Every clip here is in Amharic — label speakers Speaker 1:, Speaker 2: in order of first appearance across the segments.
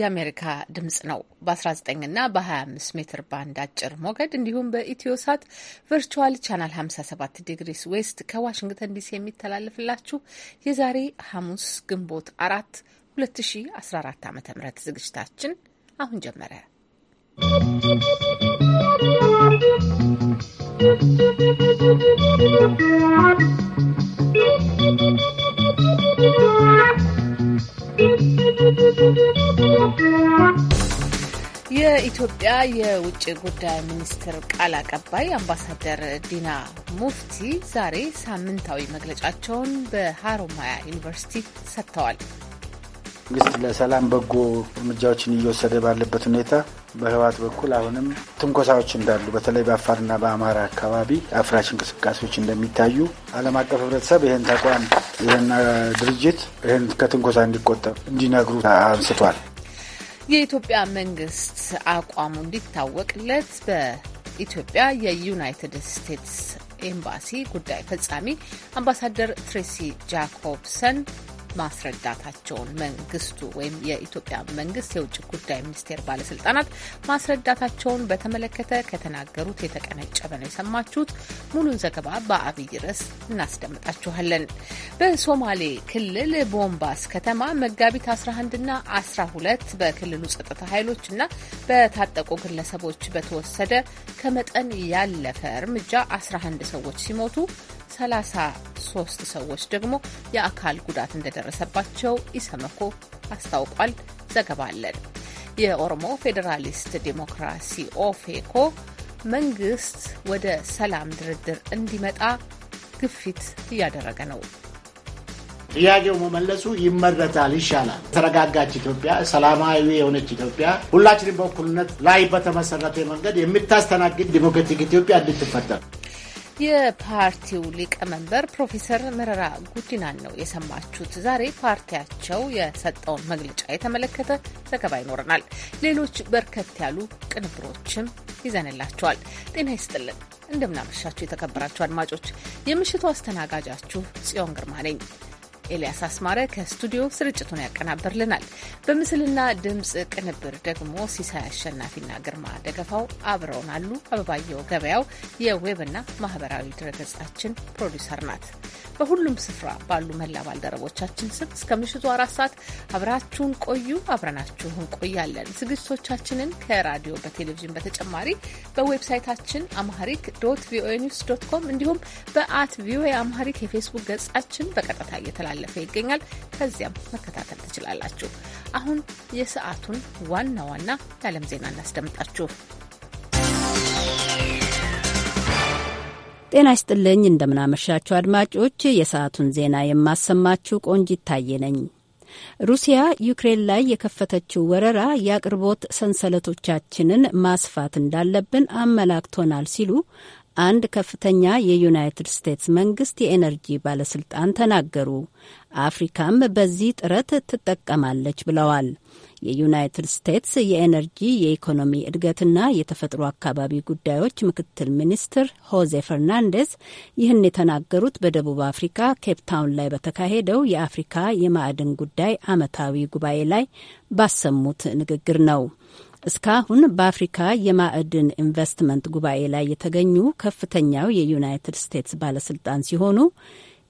Speaker 1: የአሜሪካ ድምጽ ነው። በ19 እና በ25 ሜትር ባንድ አጭር ሞገድ እንዲሁም በኢትዮሳት ቨርቹዋል ቻናል 57 ዲግሪስ ዌስት ከዋሽንግተን ዲሲ የሚተላለፍላችሁ የዛሬ ሐሙስ ግንቦት አራት 2014 ዓ ም ዝግጅታችን አሁን ጀመረ።
Speaker 2: ¶¶
Speaker 1: የኢትዮጵያ የውጭ ጉዳይ ሚኒስትር ቃል አቀባይ አምባሳደር ዲና ሙፍቲ ዛሬ ሳምንታዊ መግለጫቸውን በሀሮማያ ዩኒቨርሲቲ ሰጥተዋል።
Speaker 3: መንግስት ለሰላም በጎ እርምጃዎችን እየወሰደ ባለበት ሁኔታ በህወሓት በኩል አሁንም ትንኮሳዎች እንዳሉ በተለይ በአፋርና በአማራ አካባቢ አፍራሽ እንቅስቃሴዎች እንደሚታዩ ዓለም አቀፍ ህብረተሰብ ይህን ተቋም ይህን ድርጅት ይህን ከትንኮሳ እንዲቆጠብ እንዲነግሩ
Speaker 1: አንስቷል። የኢትዮጵያ መንግስት አቋሙ እንዲታወቅለት በኢትዮጵያ የዩናይትድ ስቴትስ ኤምባሲ ጉዳይ ፈጻሚ አምባሳደር ትሬሲ ጃኮብሰን ማስረዳታቸውን መንግስቱ ወይም የኢትዮጵያ መንግስት የውጭ ጉዳይ ሚኒስቴር ባለስልጣናት ማስረዳታቸውን በተመለከተ ከተናገሩት የተቀነጨበ ነው የሰማችሁት። ሙሉን ዘገባ በአብይ ርዕስ እናስደምጣችኋለን። በሶማሌ ክልል ቦምባስ ከተማ መጋቢት 11ና 12 በክልሉ ጸጥታ እና በታጠቁ ግለሰቦች በተወሰደ ከመጠን ያለፈ እርምጃ 11 ሰዎች ሲሞቱ 33 ሰዎች ደግሞ የአካል ጉዳት እንደደረሰባቸው ኢሰመኮ አስታውቋል። ዘገባ አለን። የኦሮሞ ፌዴራሊስት ዴሞክራሲ ኦፌኮ መንግስት ወደ ሰላም ድርድር እንዲመጣ ግፊት እያደረገ ነው።
Speaker 4: ጥያቄው መመለሱ ይመረታል፣ ይሻላል። የተረጋጋች ኢትዮጵያ፣ ሰላማዊ የሆነች ኢትዮጵያ ሁላችንም በእኩልነት ላይ በተመሰረተ መንገድ የምታስተናግድ ዲሞክራቲክ ኢትዮጵያ እንድትፈጠር
Speaker 1: የፓርቲው ሊቀመንበር ፕሮፌሰር መረራ ጉዲናን ነው የሰማችሁት። ዛሬ ፓርቲያቸው የሰጠውን መግለጫ የተመለከተ ዘገባ ይኖረናል። ሌሎች በርከት ያሉ ቅንብሮችም ይዘንላቸዋል ጤና ይስጥልን፣ እንደምናመሻችሁ የተከበራችሁ አድማጮች፣ የምሽቱ አስተናጋጃችሁ ጽዮን ግርማ ነኝ። ኤልያስ አስማረ ከስቱዲዮ ስርጭቱን ያቀናብርልናል። በምስልና ድምፅ ቅንብር ደግሞ ሲሳይ አሸናፊና ግርማ ደገፋው አብረውን አሉ። አበባየው ገበያው የዌብና ማህበራዊ ድረገጻችን ፕሮዲውሰር ናት። በሁሉም ስፍራ ባሉ መላ ባልደረቦቻችን ስም እስከ ምሽቱ አራት ሰዓት አብራችሁን ቆዩ። አብረናችሁ እንቆያለን። ዝግጅቶቻችንን ከራዲዮ በቴሌቪዥን በተጨማሪ በዌብሳይታችን አምሃሪክ ዶት ቪኦኤ ኒውስ ዶት ኮም እንዲሁም በአት ቪኦኤ አምሃሪክ የፌስቡክ ገጻችን በቀጥታ እየተላለፈ ይገኛል። ከዚያም መከታተል ትችላላችሁ። አሁን የሰዓቱን ዋና ዋና የዓለም ዜና እናስደምጣችሁ።
Speaker 2: ጤና ይስጥልኝ እንደምናመሻችሁ አድማጮች፣ የሰዓቱን ዜና የማሰማችሁ ቆንጅ ይታየ ነኝ። ሩሲያ ዩክሬን ላይ የከፈተችው ወረራ የአቅርቦት ሰንሰለቶቻችንን ማስፋት እንዳለብን አመላክቶናል ሲሉ አንድ ከፍተኛ የዩናይትድ ስቴትስ መንግስት የኤነርጂ ባለስልጣን ተናገሩ። አፍሪካም በዚህ ጥረት ትጠቀማለች ብለዋል። የዩናይትድ ስቴትስ የኤነርጂ የኢኮኖሚ እድገትና የተፈጥሮ አካባቢ ጉዳዮች ምክትል ሚኒስትር ሆዜ ፈርናንዴዝ ይህን የተናገሩት በደቡብ አፍሪካ ኬፕታውን ላይ በተካሄደው የአፍሪካ የማዕድን ጉዳይ ዓመታዊ ጉባኤ ላይ ባሰሙት ንግግር ነው። እስካሁን በአፍሪካ የማዕድን ኢንቨስትመንት ጉባኤ ላይ የተገኙ ከፍተኛው የዩናይትድ ስቴትስ ባለስልጣን ሲሆኑ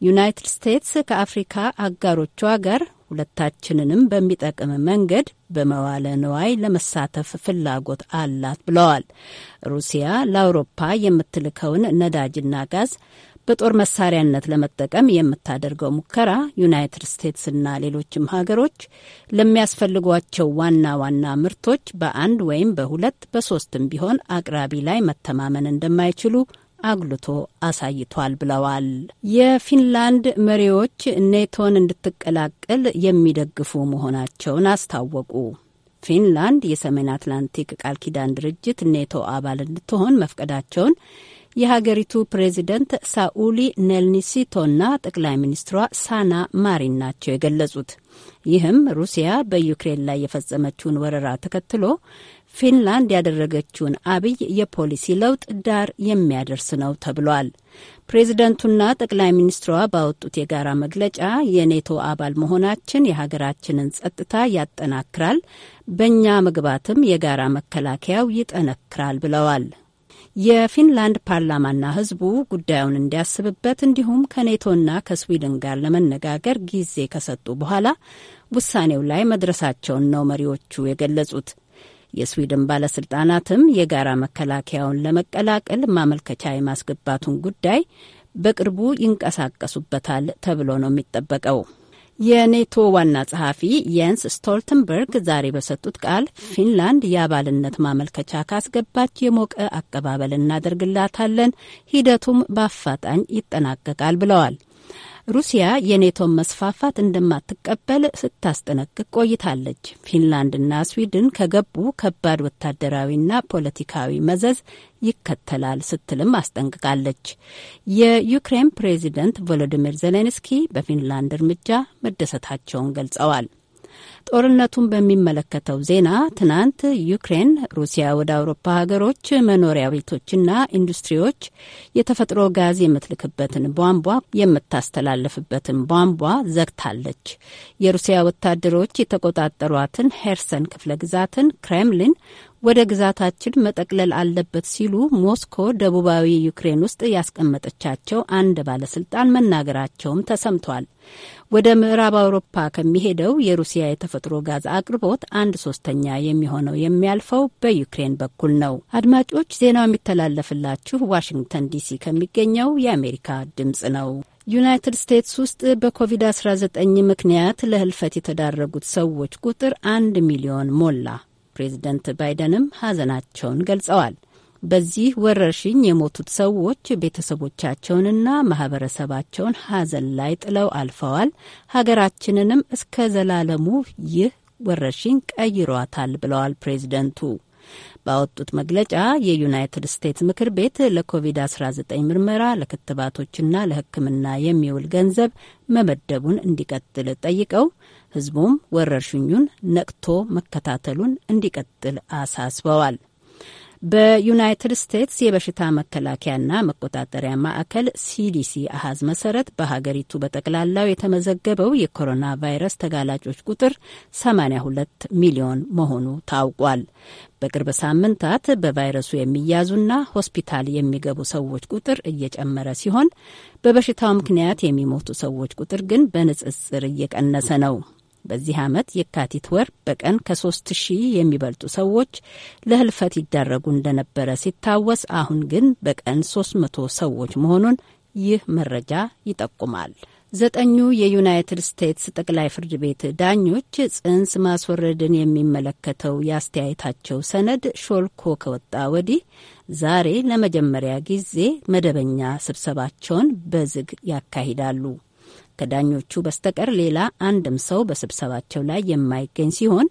Speaker 2: ዩናይትድ ስቴትስ ከአፍሪካ አጋሮቿ ጋር ሁለታችንንም በሚጠቅም መንገድ በመዋለ ንዋይ ለመሳተፍ ፍላጎት አላት ብለዋል። ሩሲያ ለአውሮፓ የምትልከውን ነዳጅና ጋዝ በጦር መሳሪያነት ለመጠቀም የምታደርገው ሙከራ ዩናይትድ ስቴትስና ሌሎችም ሀገሮች ለሚያስፈልጓቸው ዋና ዋና ምርቶች በአንድ ወይም በሁለት በሶስትም ቢሆን አቅራቢ ላይ መተማመን እንደማይችሉ አጉልቶ አሳይቷል ብለዋል። የፊንላንድ መሪዎች ኔቶን እንድትቀላቀል የሚደግፉ መሆናቸውን አስታወቁ። ፊንላንድ የሰሜን አትላንቲክ ቃል ኪዳን ድርጅት ኔቶ አባል እንድትሆን መፍቀዳቸውን የሀገሪቱ ፕሬዚደንት ሳኡሊ ኔልኒሲቶና ጠቅላይ ሚኒስትሯ ሳና ማሪን ናቸው የገለጹት። ይህም ሩሲያ በዩክሬን ላይ የፈጸመችውን ወረራ ተከትሎ ፊንላንድ ያደረገችውን አብይ የፖሊሲ ለውጥ ዳር የሚያደርስ ነው ተብሏል። ፕሬዝደንቱና ጠቅላይ ሚኒስትሯ ባወጡት የጋራ መግለጫ የኔቶ አባል መሆናችን የሀገራችንን ጸጥታ ያጠናክራል፣ በእኛ መግባትም የጋራ መከላከያው ይጠነክራል ብለዋል። የፊንላንድ ፓርላማና ሕዝቡ ጉዳዩን እንዲያስብበት እንዲሁም ከኔቶና ከስዊድን ጋር ለመነጋገር ጊዜ ከሰጡ በኋላ ውሳኔው ላይ መድረሳቸውን ነው መሪዎቹ የገለጹት። የስዊድን ባለስልጣናትም የጋራ መከላከያውን ለመቀላቀል ማመልከቻ የማስገባቱን ጉዳይ በቅርቡ ይንቀሳቀሱበታል ተብሎ ነው የሚጠበቀው። የኔቶ ዋና ጸሐፊ የንስ ስቶልተንበርግ ዛሬ በሰጡት ቃል ፊንላንድ የአባልነት ማመልከቻ ካስገባች የሞቀ አቀባበል እናደርግላታለን፣ ሂደቱም በአፋጣኝ ይጠናቀቃል ብለዋል። ሩሲያ የኔቶን መስፋፋት እንደማትቀበል ስታስጠነቅቅ ቆይታለች። ፊንላንድና ስዊድን ከገቡ ከባድ ወታደራዊና ፖለቲካዊ መዘዝ ይከተላል ስትልም አስጠንቅቃለች። የዩክሬን ፕሬዚደንት ቮሎዲሚር ዜሌንስኪ በፊንላንድ እርምጃ መደሰታቸውን ገልጸዋል። ጦርነቱን በሚመለከተው ዜና ትናንት ዩክሬን ሩሲያ ወደ አውሮፓ ሀገሮች መኖሪያ ቤቶችና ኢንዱስትሪዎች የተፈጥሮ ጋዝ የምትልክበትን ቧንቧ የምታስተላልፍበትን ቧንቧ ዘግታለች። የሩሲያ ወታደሮች የተቆጣጠሯትን ሄርሰን ክፍለ ግዛትን ክሬምሊን ወደ ግዛታችን መጠቅለል አለበት ሲሉ ሞስኮ ደቡባዊ ዩክሬን ውስጥ ያስቀመጠቻቸው አንድ ባለስልጣን መናገራቸውም ተሰምቷል። ወደ ምዕራብ አውሮፓ ከሚሄደው የሩሲያ የተፈጥሮ ጋዝ አቅርቦት አንድ ሶስተኛ የሚሆነው የሚያልፈው በዩክሬን በኩል ነው። አድማጮች፣ ዜናው የሚተላለፍላችሁ ዋሽንግተን ዲሲ ከሚገኘው የአሜሪካ ድምጽ ነው። ዩናይትድ ስቴትስ ውስጥ በኮቪድ-19 ምክንያት ለህልፈት የተዳረጉት ሰዎች ቁጥር አንድ ሚሊዮን ሞላ። ፕሬዝደንት ባይደንም ሐዘናቸውን ገልጸዋል። በዚህ ወረርሽኝ የሞቱት ሰዎች ቤተሰቦቻቸውንና ማህበረሰባቸውን ሐዘን ላይ ጥለው አልፈዋል። ሀገራችንንም እስከ ዘላለሙ ይህ ወረርሽኝ ቀይሯታል ብለዋል ፕሬዝደንቱ። ባወጡት መግለጫ የዩናይትድ ስቴትስ ምክር ቤት ለኮቪድ-19 ምርመራ ለክትባቶችና ለሕክምና የሚውል ገንዘብ መመደቡን እንዲቀጥል ጠይቀው ህዝቡም ወረርሽኙን ነቅቶ መከታተሉን እንዲቀጥል አሳስበዋል። በዩናይትድ ስቴትስ የበሽታ መከላከያና መቆጣጠሪያ ማዕከል ሲዲሲ አሃዝ መሰረት በሀገሪቱ በጠቅላላው የተመዘገበው የኮሮና ቫይረስ ተጋላጮች ቁጥር 82 ሚሊዮን መሆኑ ታውቋል። በቅርብ ሳምንታት በቫይረሱ የሚያዙና ሆስፒታል የሚገቡ ሰዎች ቁጥር እየጨመረ ሲሆን በበሽታው ምክንያት የሚሞቱ ሰዎች ቁጥር ግን በንጽጽር እየቀነሰ ነው። በዚህ ዓመት የካቲት ወር በቀን ከሶስት ሺህ የሚበልጡ ሰዎች ለህልፈት ይዳረጉ እንደነበረ ሲታወስ አሁን ግን በቀን 300 ሰዎች መሆኑን ይህ መረጃ ይጠቁማል። ዘጠኙ የዩናይትድ ስቴትስ ጠቅላይ ፍርድ ቤት ዳኞች ጽንስ ማስወረድን የሚመለከተው የአስተያየታቸው ሰነድ ሾልኮ ከወጣ ወዲህ ዛሬ ለመጀመሪያ ጊዜ መደበኛ ስብሰባቸውን በዝግ ያካሂዳሉ። ከዳኞቹ በስተቀር ሌላ አንድም ሰው በስብሰባቸው ላይ የማይገኝ ሲሆን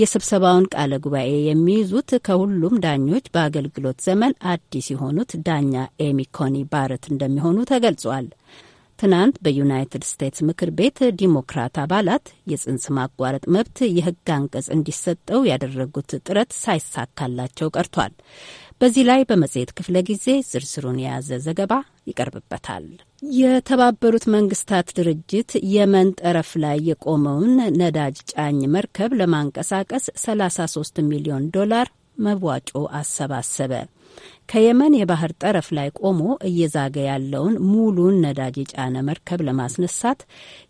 Speaker 2: የስብሰባውን ቃለ ጉባኤ የሚይዙት ከሁሉም ዳኞች በአገልግሎት ዘመን አዲስ የሆኑት ዳኛ ኤሚ ኮኒ ባረት እንደሚሆኑ ተገልጿል። ትናንት በዩናይትድ ስቴትስ ምክር ቤት ዲሞክራት አባላት የጽንስ ማቋረጥ መብት የሕግ አንቀጽ እንዲሰጠው ያደረጉት ጥረት ሳይሳካላቸው ቀርቷል። በዚህ ላይ በመጽሔት ክፍለ ጊዜ ዝርዝሩን የያዘ ዘገባ ይቀርብበታል። የተባበሩት መንግስታት ድርጅት የመን ጠረፍ ላይ የቆመውን ነዳጅ ጫኝ መርከብ ለማንቀሳቀስ 33 ሚሊዮን ዶላር መዋጮ አሰባሰበ። ከየመን የባህር ጠረፍ ላይ ቆሞ እየዛገ ያለውን ሙሉን ነዳጅ የጫነ መርከብ ለማስነሳት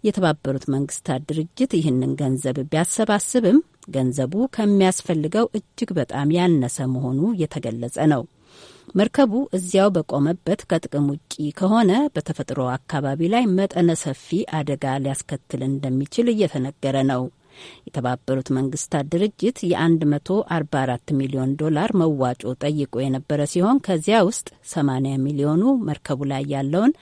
Speaker 2: የተባበሩት መንግስታት ድርጅት ይህንን ገንዘብ ቢያሰባስብም ገንዘቡ ከሚያስፈልገው እጅግ በጣም ያነሰ መሆኑ የተገለጸ ነው። መርከቡ እዚያው በቆመበት ከጥቅም ውጪ ከሆነ በተፈጥሮ አካባቢ ላይ መጠነ ሰፊ አደጋ ሊያስከትል እንደሚችል እየተነገረ ነው። የተባበሩት መንግስታት ድርጅት የ144 ሚሊዮን ዶላር መዋጮ ጠይቆ የነበረ ሲሆን ከዚያ ውስጥ 80 ሚሊዮኑ መርከቡ ላይ ያለውን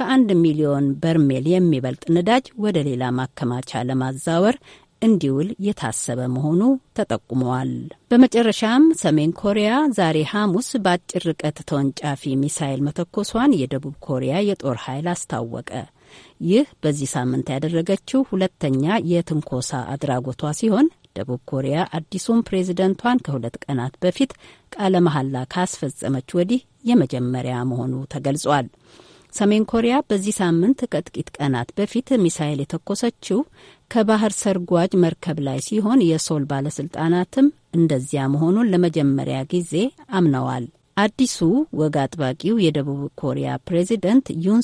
Speaker 2: ከአንድ ሚሊዮን በርሜል የሚበልጥ ነዳጅ ወደ ሌላ ማከማቻ ለማዛወር እንዲውል የታሰበ መሆኑ ተጠቁመዋል። በመጨረሻም ሰሜን ኮሪያ ዛሬ ሐሙስ በአጭር ርቀት ተወንጫፊ ሚሳይል መተኮሷን የደቡብ ኮሪያ የጦር ኃይል አስታወቀ። ይህ በዚህ ሳምንት ያደረገችው ሁለተኛ የትንኮሳ አድራጎቷ ሲሆን ደቡብ ኮሪያ አዲሱን ፕሬዝደንቷን ከሁለት ቀናት በፊት ቃለ መሐላ ካስፈጸመች ወዲህ የመጀመሪያ መሆኑ ተገልጿል። ሰሜን ኮሪያ በዚህ ሳምንት ከጥቂት ቀናት በፊት ሚሳይል የተኮሰችው ከባህር ሰርጓጅ መርከብ ላይ ሲሆን የሶል ባለስልጣናትም እንደዚያ መሆኑን ለመጀመሪያ ጊዜ አምነዋል። አዲሱ ወግ አጥባቂው የደቡብ ኮሪያ ፕሬዚደንት ዩን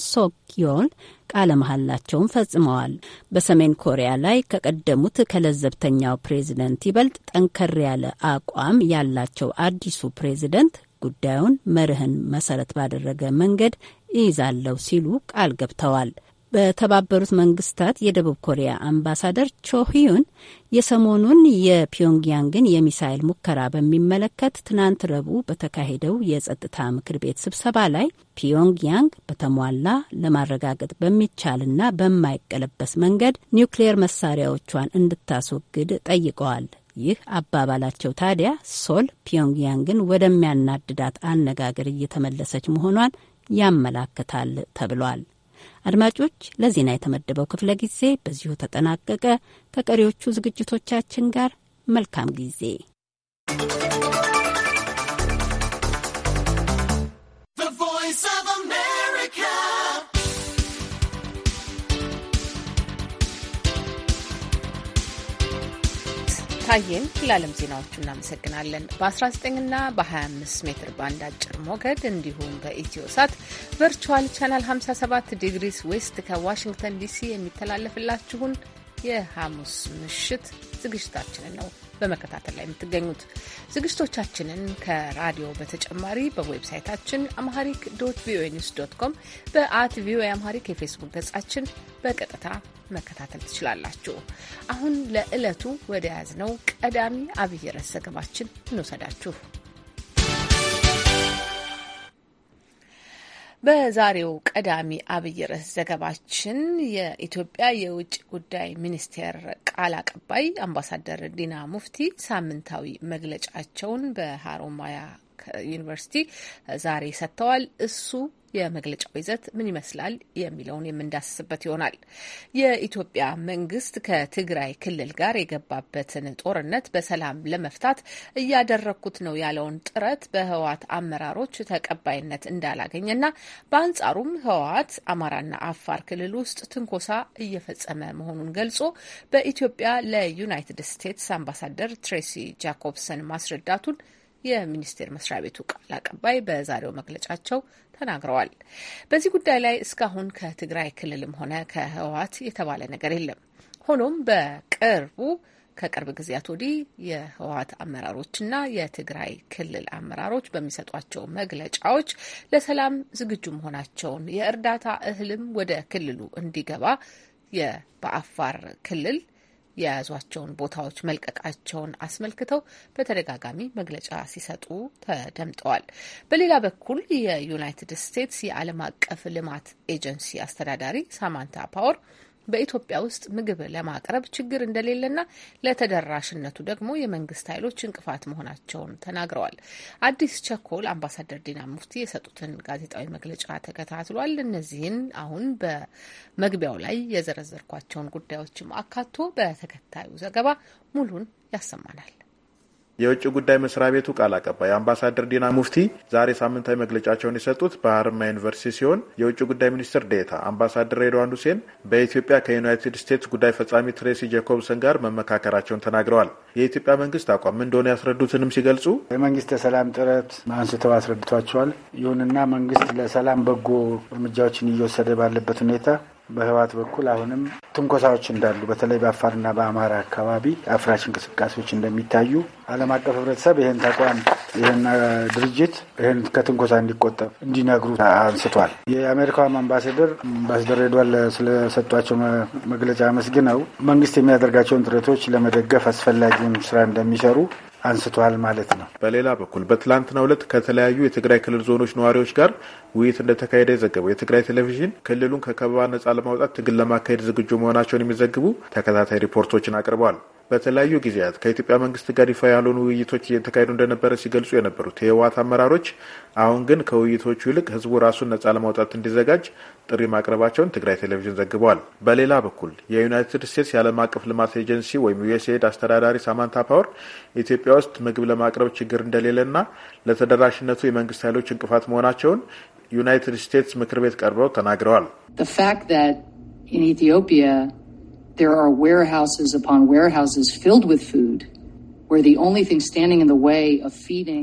Speaker 2: ዮል ቃለ መሐላቸውን ፈጽመዋል። በሰሜን ኮሪያ ላይ ከቀደሙት ከለዘብተኛው ፕሬዚደንት ይበልጥ ጠንከር ያለ አቋም ያላቸው አዲሱ ፕሬዚደንት ጉዳዩን መርህን መሰረት ባደረገ መንገድ ይይዛለሁ ሲሉ ቃል ገብተዋል። በተባበሩት መንግስታት የደቡብ ኮሪያ አምባሳደር ቾሂዩን የሰሞኑን የፒዮንግያንግን የሚሳይል ሙከራ በሚመለከት ትናንት ረቡዕ በተካሄደው የጸጥታ ምክር ቤት ስብሰባ ላይ ፒዮንግያንግ በተሟላ ለማረጋገጥ በሚቻልና በማይቀለበስ መንገድ ኒውክሌየር መሳሪያዎቿን እንድታስወግድ ጠይቀዋል። ይህ አባባላቸው ታዲያ ሶል ፒዮንግያንግን ወደሚያናድዳት አነጋገር እየተመለሰች መሆኗን ያመላክታል ተብሏል። አድማጮች፣ ለዜና የተመደበው ክፍለ ጊዜ በዚሁ ተጠናቀቀ። ከቀሪዎቹ ዝግጅቶቻችን ጋር መልካም ጊዜ
Speaker 1: ታየን ለዓለም ዜናዎቹ እናመሰግናለን። በ19ና በ25 ሜትር ባንድ አጭር ሞገድ እንዲሁም በኢትዮ ሳት ቨርቹዋል ቻናል 57 ዲግሪስ ዌስት ከዋሽንግተን ዲሲ የሚተላለፍላችሁን የሐሙስ ምሽት ዝግጅታችንን ነው በመከታተል ላይ የምትገኙት። ዝግጅቶቻችንን ከራዲዮ በተጨማሪ በዌብሳይታችን አምሃሪክ ዶት ቪኦኤ ኒውስ ዶት ኮም በአት ቪኦኤ አምሃሪክ የፌስቡክ ገጻችን በቀጥታ መከታተል ትችላላችሁ። አሁን ለዕለቱ ወደ ያዝነው ቀዳሚ አብይ ርዕስ ዘገባችን እንወሰዳችሁ። በዛሬው ቀዳሚ አብይ ርዕስ ዘገባችን የኢትዮጵያ የውጭ ጉዳይ ሚኒስቴር ቃል አቀባይ አምባሳደር ዲና ሙፍቲ ሳምንታዊ መግለጫቸውን በሀሮማያ ዩኒቨርሲቲ ዛሬ ሰጥተዋል። እሱ የመግለጫው ይዘት ምን ይመስላል የሚለውን የምንዳስስበት ይሆናል። የኢትዮጵያ መንግስት ከትግራይ ክልል ጋር የገባበትን ጦርነት በሰላም ለመፍታት እያደረግኩት ነው ያለውን ጥረት በህወሓት አመራሮች ተቀባይነት እንዳላገኘና በአንጻሩም ህወሓት አማራና አፋር ክልል ውስጥ ትንኮሳ እየፈጸመ መሆኑን ገልጾ በኢትዮጵያ ለዩናይትድ ስቴትስ አምባሳደር ትሬሲ ጃኮብሰን ማስረዳቱን የሚኒስቴር መስሪያ ቤቱ ቃል አቀባይ በዛሬው መግለጫቸው ተናግረዋል። በዚህ ጉዳይ ላይ እስካሁን ከትግራይ ክልልም ሆነ ከህወሓት የተባለ ነገር የለም። ሆኖም በቅርቡ ከቅርብ ጊዜያት ወዲህ
Speaker 3: አመራሮች
Speaker 1: አመራሮችና የትግራይ ክልል አመራሮች በሚሰጧቸው መግለጫዎች ለሰላም ዝግጁ መሆናቸውን የእርዳታ እህልም ወደ ክልሉ እንዲገባ በአፋር ክልል የያዟቸውን ቦታዎች መልቀቃቸውን አስመልክተው በተደጋጋሚ መግለጫ ሲሰጡ ተደምጠዋል። በሌላ በኩል የዩናይትድ ስቴትስ የዓለም አቀፍ ልማት ኤጀንሲ አስተዳዳሪ ሳማንታ ፓወር በኢትዮጵያ ውስጥ ምግብ ለማቅረብ ችግር እንደሌለና ለተደራሽነቱ ደግሞ የመንግስት ኃይሎች እንቅፋት መሆናቸውን ተናግረዋል። አዲስ ቸኮል አምባሳደር ዲና ሙፍቲ የሰጡትን ጋዜጣዊ መግለጫ ተከታትሏል። እነዚህን አሁን በመግቢያው ላይ የዘረዘርኳቸውን ጉዳዮችም አካቶ በተከታዩ ዘገባ ሙሉን ያሰማናል።
Speaker 5: የውጭ ጉዳይ መስሪያ ቤቱ ቃል አቀባይ አምባሳደር ዲና ሙፍቲ ዛሬ ሳምንታዊ መግለጫቸውን የሰጡት በሀረማያ ዩኒቨርሲቲ ሲሆን የውጭ ጉዳይ ሚኒስትር ዴታ አምባሳደር ሬድዋን ሁሴን በኢትዮጵያ ከዩናይትድ ስቴትስ ጉዳይ ፈጻሚ ትሬሲ ጄኮብሰን ጋር መመካከራቸውን ተናግረዋል። የኢትዮጵያ መንግስት አቋም እንደሆነ ያስረዱትንም ሲገልጹ የመንግስት የሰላም ጥረት አንስተው አስረድቷቸዋል።
Speaker 3: ይሁንና መንግስት ለሰላም በጎ እርምጃዎችን እየወሰደ ባለበት ሁኔታ በህወሓት በኩል አሁንም ትንኮሳዎች እንዳሉ በተለይ በአፋርና በአማራ አካባቢ አፍራሽ እንቅስቃሴዎች እንደሚታዩ ዓለም አቀፍ ህብረተሰብ ይህን ተቋም ይህን ድርጅት ይህን ከትንኮሳ እንዲቆጠብ እንዲነግሩ አንስቷል። የአሜሪካውም አምባሳደር አምባሳደር ሬድዋል ስለሰጧቸው መግለጫ አመስግነው መንግስት የሚያደርጋቸውን ጥረቶች ለመደገፍ አስፈላጊውን ስራ
Speaker 5: እንደሚሰሩ አንስቷል ማለት ነው። በሌላ በኩል በትላንትናው ዕለት ከተለያዩ የትግራይ ክልል ዞኖች ነዋሪዎች ጋር ውይይት እንደተካሄደ የዘገበው የትግራይ ቴሌቪዥን ክልሉን ከከበባ ነጻ ለማውጣት ትግል ለማካሄድ ዝግጁ መሆናቸውን የሚዘግቡ ተከታታይ ሪፖርቶችን አቅርበዋል። በተለያዩ ጊዜያት ከኢትዮጵያ መንግስት ጋር ይፋ ያልሆኑ ውይይቶች እየተካሄዱ እንደነበረ ሲገልጹ የነበሩት የህዋት አመራሮች አሁን ግን ከውይይቶቹ ይልቅ ህዝቡ ራሱን ነጻ ለማውጣት እንዲዘጋጅ ጥሪ ማቅረባቸውን ትግራይ ቴሌቪዥን ዘግቧል። በሌላ በኩል የዩናይትድ ስቴትስ የዓለም አቀፍ ልማት ኤጀንሲ ወይም ዩኤስኤድ አስተዳዳሪ ሳማንታ ፓወር ኢትዮጵያ ውስጥ ምግብ ለማቅረብ ችግር እንደሌለና ለተደራሽነቱ የመንግስት ኃይሎች እንቅፋት መሆናቸውን ዩናይትድ ስቴትስ ምክር ቤት ቀርበው ተናግረዋል።
Speaker 1: there are warehouses upon warehouses filled with food.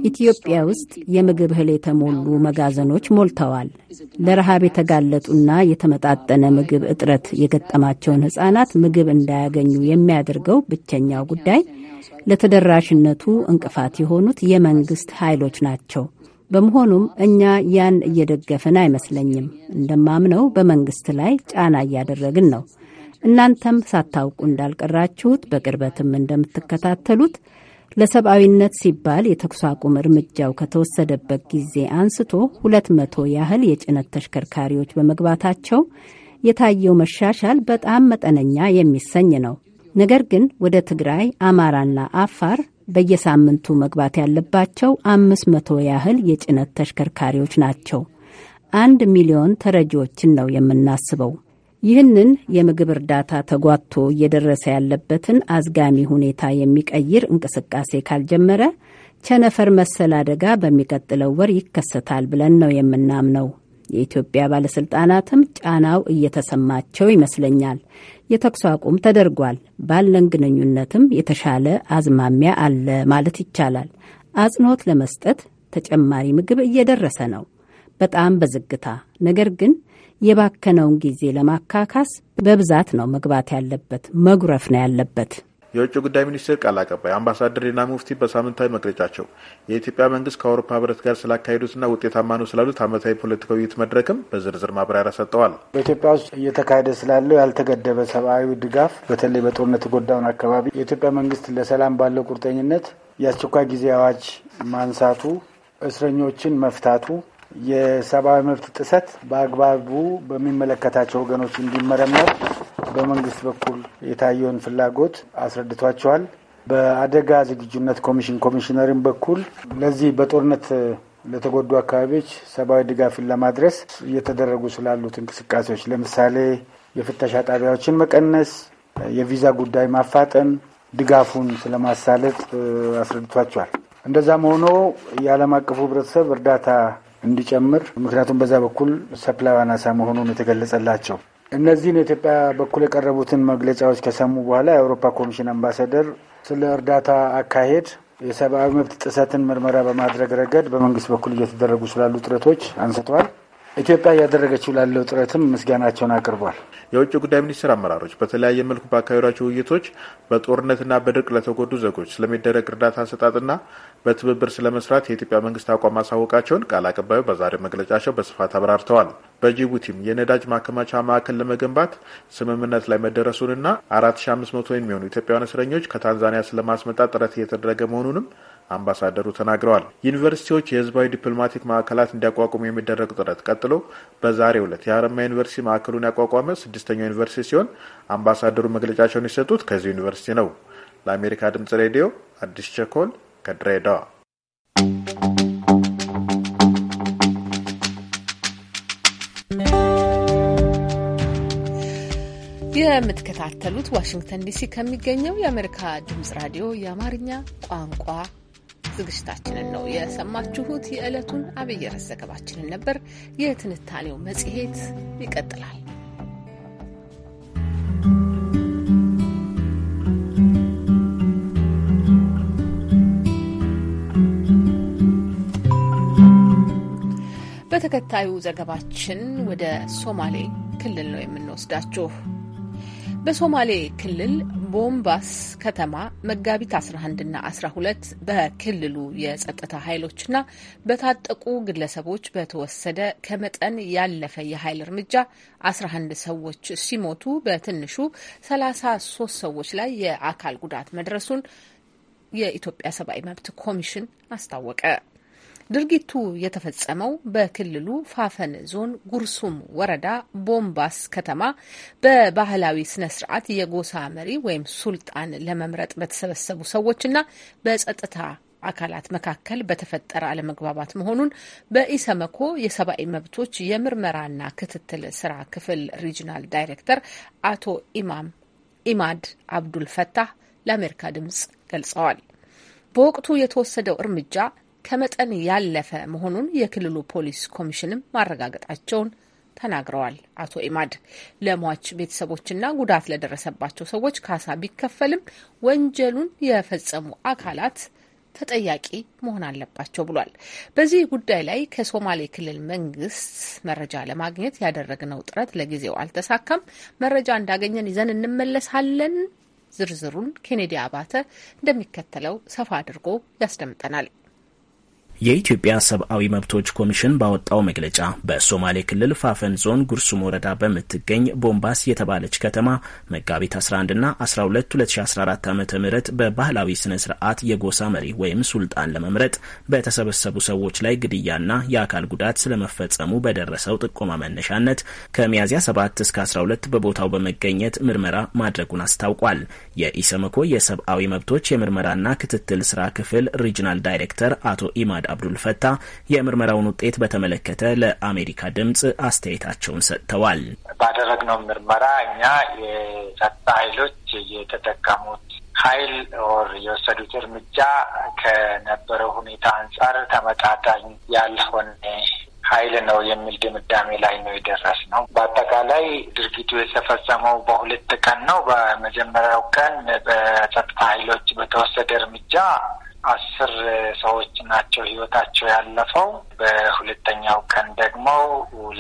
Speaker 2: ኢትዮጵያ ውስጥ የምግብ እህል የተሞሉ መጋዘኖች ሞልተዋል። ለረሃብ የተጋለጡና የተመጣጠነ uh, ምግብ እጥረት የገጠማቸውን ሕጻናት ምግብ እንዳያገኙ የሚያደርገው ብቸኛው ጉዳይ ለተደራሽነቱ እንቅፋት የሆኑት የመንግስት ኃይሎች ናቸው። በመሆኑም እኛ ያን እየደገፍን አይመስለኝም። እንደማምነው በመንግስት ላይ ጫና እያደረግን ነው። እናንተም ሳታውቁ እንዳልቀራችሁት በቅርበትም እንደምትከታተሉት ለሰብአዊነት ሲባል የተኩስ አቁም እርምጃው ከተወሰደበት ጊዜ አንስቶ ሁለት መቶ ያህል የጭነት ተሽከርካሪዎች በመግባታቸው የታየው መሻሻል በጣም መጠነኛ የሚሰኝ ነው። ነገር ግን ወደ ትግራይ፣ አማራና አፋር በየሳምንቱ መግባት ያለባቸው አምስት መቶ ያህል የጭነት ተሽከርካሪዎች ናቸው። አንድ ሚሊዮን ተረጂዎችን ነው የምናስበው። ይህንን የምግብ እርዳታ ተጓቶ እየደረሰ ያለበትን አዝጋሚ ሁኔታ የሚቀይር እንቅስቃሴ ካልጀመረ ቸነፈር መሰል አደጋ በሚቀጥለው ወር ይከሰታል ብለን ነው የምናምነው። የኢትዮጵያ ባለስልጣናትም ጫናው እየተሰማቸው ይመስለኛል። የተኩስ አቁም ተደርጓል። ባለን ግንኙነትም የተሻለ አዝማሚያ አለ ማለት ይቻላል። አጽንኦት ለመስጠት ተጨማሪ ምግብ እየደረሰ ነው፣ በጣም በዝግታ ነገር ግን የባከነውን ጊዜ ለማካካስ በብዛት ነው መግባት ያለበት፣ መጉረፍ ነው ያለበት።
Speaker 5: የውጭ ጉዳይ ሚኒስቴር ቃል አቀባይ አምባሳደር ዲና ሙፍቲ በሳምንታዊ መግለጫቸው የኢትዮጵያ መንግስት ከአውሮፓ ህብረት ጋር ስላካሄዱትና ውጤታማ ነው ስላሉት ዓመታዊ ፖለቲካዊ ውይይት መድረክም በዝርዝር ማብራሪያ ሰጥተዋል።
Speaker 3: በኢትዮጵያ ውስጥ እየተካሄደ ስላለው ያልተገደበ ሰብአዊ ድጋፍ በተለይ በጦርነት ጎዳውን አካባቢ የኢትዮጵያ መንግስት ለሰላም ባለው ቁርጠኝነት የአስቸኳይ ጊዜ አዋጅ ማንሳቱ፣ እስረኞችን መፍታቱ የሰብአዊ መብት ጥሰት በአግባቡ በሚመለከታቸው ወገኖች እንዲመረመር በመንግስት በኩል የታየውን ፍላጎት አስረድቷቸዋል። በአደጋ ዝግጁነት ኮሚሽን ኮሚሽነርን በኩል ለዚህ በጦርነት ለተጎዱ አካባቢዎች ሰብአዊ ድጋፍን ለማድረስ እየተደረጉ ስላሉት እንቅስቃሴዎች ለምሳሌ የፍተሻ ጣቢያዎችን መቀነስ፣ የቪዛ ጉዳይ ማፋጠን ድጋፉን ስለማሳለጥ አስረድቷቸዋል። እንደዛም ሆኖ የዓለም አቀፉ ህብረተሰብ እርዳታ እንዲጨምር ምክንያቱም በዛ በኩል ሰፕላይ አናሳ መሆኑን የተገለጸላቸው እነዚህን የኢትዮጵያ በኩል የቀረቡትን መግለጫዎች ከሰሙ በኋላ የአውሮፓ ኮሚሽን አምባሳደር ስለ እርዳታ አካሄድ የሰብአዊ መብት ጥሰትን ምርመራ በማድረግ ረገድ በመንግስት በኩል እየተደረጉ ስላሉ ጥረቶች
Speaker 5: አንስተዋል። ኢትዮጵያ እያደረገችው ላለው ጥረትም ምስጋናቸውን አቅርቧል። የውጭ ጉዳይ ሚኒስቴር አመራሮች በተለያየ መልኩ በአካሄዷቸው ውይይቶች በጦርነትና በድርቅ ለተጎዱ ዜጎች ስለሚደረግ እርዳታ አሰጣጥና በትብብር ስለመስራት የኢትዮጵያ መንግስት አቋም ማሳወቃቸውን ቃል አቀባዩ በዛሬው መግለጫቸው በስፋት አብራርተዋል። በጅቡቲም የነዳጅ ማከማቻ ማዕከል ለመገንባት ስምምነት ላይ መደረሱንና 4500 የሚሆኑ ኢትዮጵያውያን እስረኞች ከታንዛኒያ ስለማስመጣት ጥረት እየተደረገ መሆኑንም አምባሳደሩ ተናግረዋል። ዩኒቨርሲቲዎች የህዝባዊ ዲፕሎማቲክ ማዕከላት እንዲያቋቁሙ የሚደረግ ጥረት ቀጥሎ በዛሬው ዕለት የሀረማያ ዩኒቨርሲቲ ማዕከሉን ያቋቋመ ስድስተኛው ዩኒቨርሲቲ ሲሆን አምባሳደሩ መግለጫቸውን የሰጡት ከዚህ ዩኒቨርሲቲ ነው። ለአሜሪካ ድምጽ ሬዲዮ አዲስ ቸኮል ከድሬዳዋ
Speaker 1: የምትከታተሉት ዋሽንግተን ዲሲ ከሚገኘው የአሜሪካ ድምጽ ራዲዮ የአማርኛ ቋንቋ ዝግጅታችንን ነው የሰማችሁት። የዕለቱን አብይ ርዕስ ዘገባችንን ነበር። የትንታኔው መጽሔት ይቀጥላል። በተከታዩ ዘገባችን ወደ ሶማሌ ክልል ነው የምንወስዳችሁ። በሶማሌ ክልል ቦምባስ ከተማ መጋቢት 11ና 12 በክልሉ የጸጥታ ና በታጠቁ ግለሰቦች በተወሰደ ከመጠን ያለፈ የኃይል እርምጃ 11 ሰዎች ሲሞቱ በትንሹ 33 ሰዎች ላይ የአካል ጉዳት መድረሱን የኢትዮጵያ ሰብአዊ መብት ኮሚሽን አስታወቀ። ድርጊቱ የተፈጸመው በክልሉ ፋፈን ዞን ጉርሱም ወረዳ ቦምባስ ከተማ በባህላዊ ስነ ስርዓት የጎሳ መሪ ወይም ሱልጣን ለመምረጥ በተሰበሰቡ ሰዎችና በጸጥታ አካላት መካከል በተፈጠረ አለመግባባት መሆኑን በኢሰመኮ የሰብአዊ መብቶች የምርመራና ክትትል ስራ ክፍል ሪጂናል ዳይሬክተር አቶ ኢማም ኢማድ አብዱል ፈታህ ለአሜሪካ ድምጽ ገልጸዋል። በወቅቱ የተወሰደው እርምጃ ከመጠን ያለፈ መሆኑን የክልሉ ፖሊስ ኮሚሽንም ማረጋገጣቸውን ተናግረዋል። አቶ ኢማድ ለሟች ቤተሰቦችና ጉዳት ለደረሰባቸው ሰዎች ካሳ ቢከፈልም ወንጀሉን የፈጸሙ አካላት ተጠያቂ መሆን አለባቸው ብሏል። በዚህ ጉዳይ ላይ ከሶማሌ ክልል መንግስት መረጃ ለማግኘት ያደረግነው ጥረት ለጊዜው አልተሳካም። መረጃ እንዳገኘን ይዘን እንመለሳለን። ዝርዝሩን ኬኔዲ አባተ እንደሚከተለው ሰፋ አድርጎ ያስደምጠናል።
Speaker 6: የኢትዮጵያ ሰብአዊ መብቶች ኮሚሽን ባወጣው መግለጫ በሶማሌ ክልል ፋፈን ዞን ጉርሱም ወረዳ በምትገኝ ቦምባስ የተባለች ከተማ መጋቢት 11ና 12 2014 ዓ ም በባህላዊ ስነ ስርዓት የጎሳ መሪ ወይም ሱልጣን ለመምረጥ በተሰበሰቡ ሰዎች ላይ ግድያና የአካል ጉዳት ስለመፈጸሙ በደረሰው ጥቆማ መነሻነት ከሚያዝያ 7 እስከ 12 በቦታው በመገኘት ምርመራ ማድረጉን አስታውቋል። የኢሰመኮ የሰብአዊ መብቶች የምርመራና ክትትል ስራ ክፍል ሪጅናል ዳይሬክተር አቶ ኢማ መሐመድ አብዱልፈታ የምርመራውን ውጤት በተመለከተ ለአሜሪካ ድምጽ አስተያየታቸውን ሰጥተዋል።
Speaker 7: ባደረግነው ምርመራ እኛ የጸጥታ ኃይሎች የተጠቀሙት ኃይል ኦር የወሰዱት እርምጃ ከነበረው ሁኔታ አንጻር ተመጣጣኝ ያልሆነ ኃይል ነው የሚል ድምዳሜ ላይ ነው የደረስ ነው። በአጠቃላይ ድርጊቱ የተፈጸመው በሁለት ቀን ነው። በመጀመሪያው ቀን በጸጥታ ኃይሎች በተወሰደ እርምጃ አስር ሰዎች ናቸው ህይወታቸው ያለፈው። በሁለተኛው ቀን ደግሞ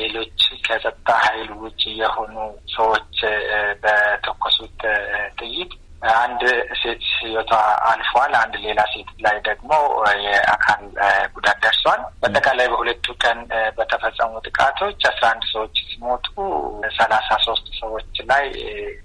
Speaker 7: ሌሎች ከጸጥታ ኃይል ውጭ የሆኑ ሰዎች በተኮሱት ጥይት አንድ ሴት ህይወቷ አልፏል። አንድ ሌላ ሴት ላይ ደግሞ የአካል ጉዳት ደርሷል። በአጠቃላይ በሁለቱ ቀን በተፈጸሙ ጥቃቶች አስራ አንድ ሰዎች ሲሞቱ ሰላሳ ሶስት ሰዎች ላይ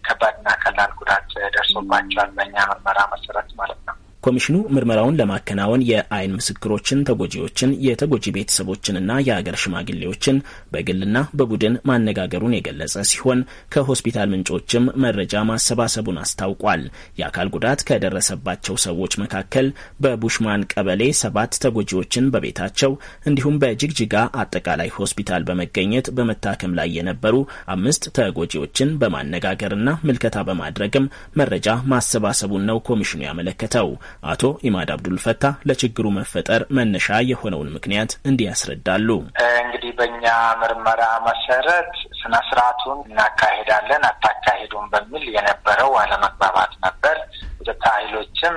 Speaker 6: ከባድና ቀላል ጉዳት ደርሶባቸዋል በእኛ ምርመራ መሰረት ማለት ነው። ኮሚሽኑ ምርመራውን ለማከናወን የአይን ምስክሮችን፣ ተጎጂዎችን፣ የተጎጂ ቤተሰቦችንና የአገር ሽማግሌዎችን በግልና በቡድን ማነጋገሩን የገለጸ ሲሆን ከሆስፒታል ምንጮችም መረጃ ማሰባሰቡን አስታውቋል። የአካል ጉዳት ከደረሰባቸው ሰዎች መካከል በቡሽማን ቀበሌ ሰባት ተጎጂዎችን በቤታቸው እንዲሁም በጅግጅጋ አጠቃላይ ሆስፒታል በመገኘት በመታከም ላይ የነበሩ አምስት ተጎጂዎችን በማነጋገርና ምልከታ በማድረግም መረጃ ማሰባሰቡን ነው ኮሚሽኑ ያመለከተው። አቶ ኢማድ አብዱል ፈታ ለችግሩ መፈጠር መነሻ የሆነውን ምክንያት እንዲህ ያስረዳሉ።
Speaker 7: እንግዲህ በእኛ ምርመራ መሰረት ስነ ስርዓቱን እናካሄዳለን አታካሄዱም በሚል የነበረው አለመግባባት ነበር። የጸጥታ ኃይሎችም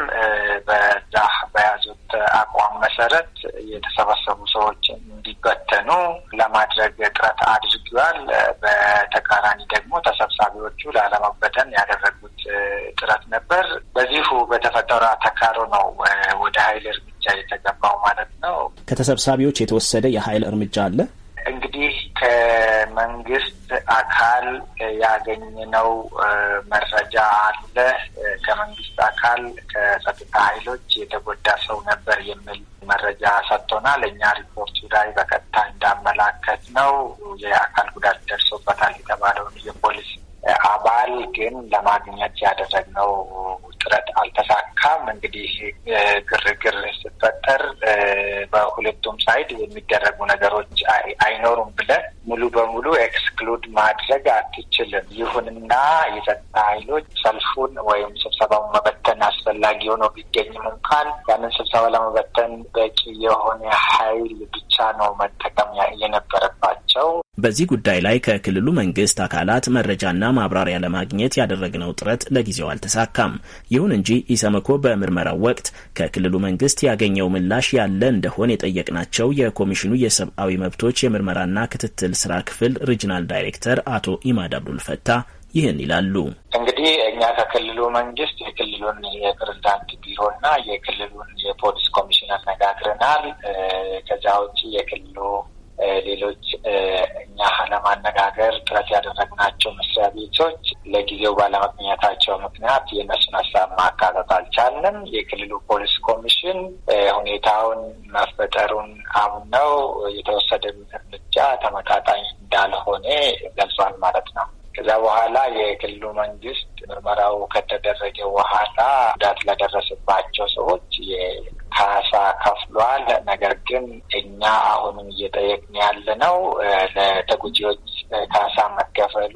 Speaker 7: በዛ በያዙት አቋም መሰረት የተሰበሰቡ ሰዎች እንዲበተኑ ለማድረግ ጥረት አድርገዋል። በተቃራኒ ደግሞ ተሰብሳቢዎቹ ላለመበተን ያደረጉት ጥረት ነበር። በዚሁ በተፈጠረ ተካሮ ነው ወደ ኃይል እርምጃ የተገባው ማለት ነው።
Speaker 6: ከተሰብሳቢዎች የተወሰደ የኃይል እርምጃ አለ።
Speaker 7: እንግዲህ ከመንግስት አካል ያገኘነው መረጃ አለ። ከመንግስት አካል ከጸጥታ ኃይሎች የተጎዳ ሰው ነበር የሚል መረጃ ሰጥቶናል። እኛ ሪፖርቱ ላይ በቀጥታ እንዳመላከት ነው የአካል ጉዳት ደርሶበታል የተባለውን የፖሊስ አባል ግን ለማግኘት ያደረግነው ጥረት አልተሳካም። እንግዲህ ግርግር ስፈጠር በሁለቱም ሳይድ የሚደረጉ ነገሮች አይኖሩም ብለን ሙሉ በሙሉ ኤክስክሉድ ማድረግ አትችልም። ይሁንና የጸጥታ ኃይሎች ሰልፉን ወይም ስብሰባው መበተን አስፈላጊ ሆኖ ቢገኝም እንኳን ያንን ስብሰባ ለመበተን በቂ የሆነ ኃይል ብቻ ነው መጠቀም
Speaker 6: የነበረባቸው። በዚህ ጉዳይ ላይ ከክልሉ መንግስት አካላት መረጃና ማብራሪያ ለማግኘት ያደረግነው ጥረት ለጊዜው አልተሳካም። ይሁን እንጂ ኢሰመኮ በምርመራው ወቅት ከክልሉ መንግስት ያገኘው ምላሽ ያለ እንደሆን የጠየቅናቸው የኮሚሽኑ የሰብአዊ መብቶች የምርመራና ክትትል ስራ ክፍል ሪጅናል ዳይሬክተር አቶ ኢማድ አብዱልፈታ ይህን ይላሉ። እንግዲህ እኛ ከክልሉ መንግስት የክልሉን የፕሬዝዳንት ቢሮና የክልሉን
Speaker 7: የፖሊስ ኮሚሽን አነጋግረናል። ከዛ ውጭ የክልሉ ሌሎች እኛ ለማነጋገር ጥረት ያደረግናቸው መስሪያ ቤቶች ለጊዜው ባለመገኘታቸው ምክንያት የእነሱን ሀሳብ ማካተት አልቻልንም። የክልሉ ፖሊስ ኮሚሽን ሁኔታውን መፈጠሩን አምነው የተወሰደ እርምጃ ተመጣጣኝ እንዳልሆነ ገልጿል ማለት ነው። ከዛ በኋላ የክልሉ መንግስት ምርመራው ከተደረገ በኋላ ጉዳት ለደረሰባቸው ሰዎች ካሳ ከፍሏል። ነገር ግን እኛ አሁንም እየጠየቅን ያለ ነው ለተጎጂዎች ካሳ መከፈሉ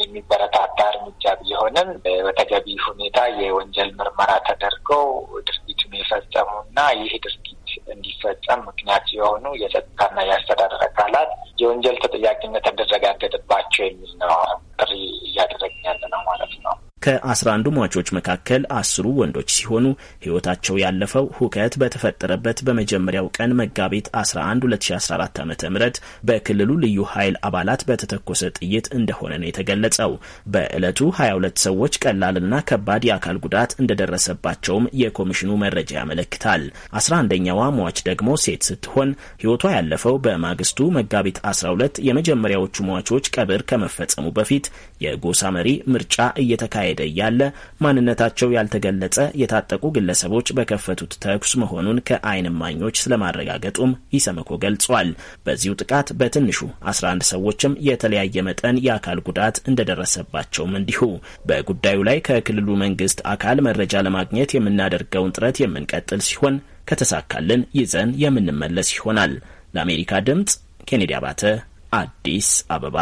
Speaker 7: የሚበረታታ እርምጃ ቢሆንም በተገቢ ሁኔታ የወንጀል ምርመራ ተደርገው ድርጊቱን የፈጸሙና ይህ ድርጊት እንዲፈጸም ምክንያት የሆኑ የጸጥታና የአስተዳደር አካላት የወንጀል ተጠያቂነት እንደረጋገጠባቸው የሚል ነው ጥሪ እያደረግን ያለ ነው ማለት
Speaker 6: ነው። ከ11 ሟቾች መካከል አስሩ ወንዶች ሲሆኑ ሕይወታቸው ያለፈው ሁከት በተፈጠረበት በመጀመሪያው ቀን መጋቢት 11 2014 ዓ ም በክልሉ ልዩ ኃይል አባላት በተተኮሰ ጥይት እንደሆነ ነው የተገለጸው። በዕለቱ 22 ሰዎች ቀላልና ከባድ የአካል ጉዳት እንደደረሰባቸውም የኮሚሽኑ መረጃ ያመለክታል። 11ኛዋ ሟች ደግሞ ሴት ስትሆን ሕይወቷ ያለፈው በማግስቱ መጋቢት 12 የመጀመሪያዎቹ ሟቾች ቀብር ከመፈጸሙ በፊት የጎሳ መሪ ምርጫ እየተካሄደ እያለ ማንነታቸው ያልተገለጸ የታጠቁ ግለሰቦች በከፈቱት ተኩስ መሆኑን ከአይን ማኞች ስለማረጋገጡም ኢሰመኮ ገልጿል። በዚሁ ጥቃት በትንሹ 11 ሰዎችም የተለያየ መጠን የአካል ጉዳት እንደደረሰባቸውም እንዲሁ። በጉዳዩ ላይ ከክልሉ መንግስት አካል መረጃ ለማግኘት የምናደርገውን ጥረት የምንቀጥል ሲሆን ከተሳካልን ይዘን የምንመለስ ይሆናል። ለአሜሪካ ድምጽ ኬኔዲ አባተ አዲስ አበባ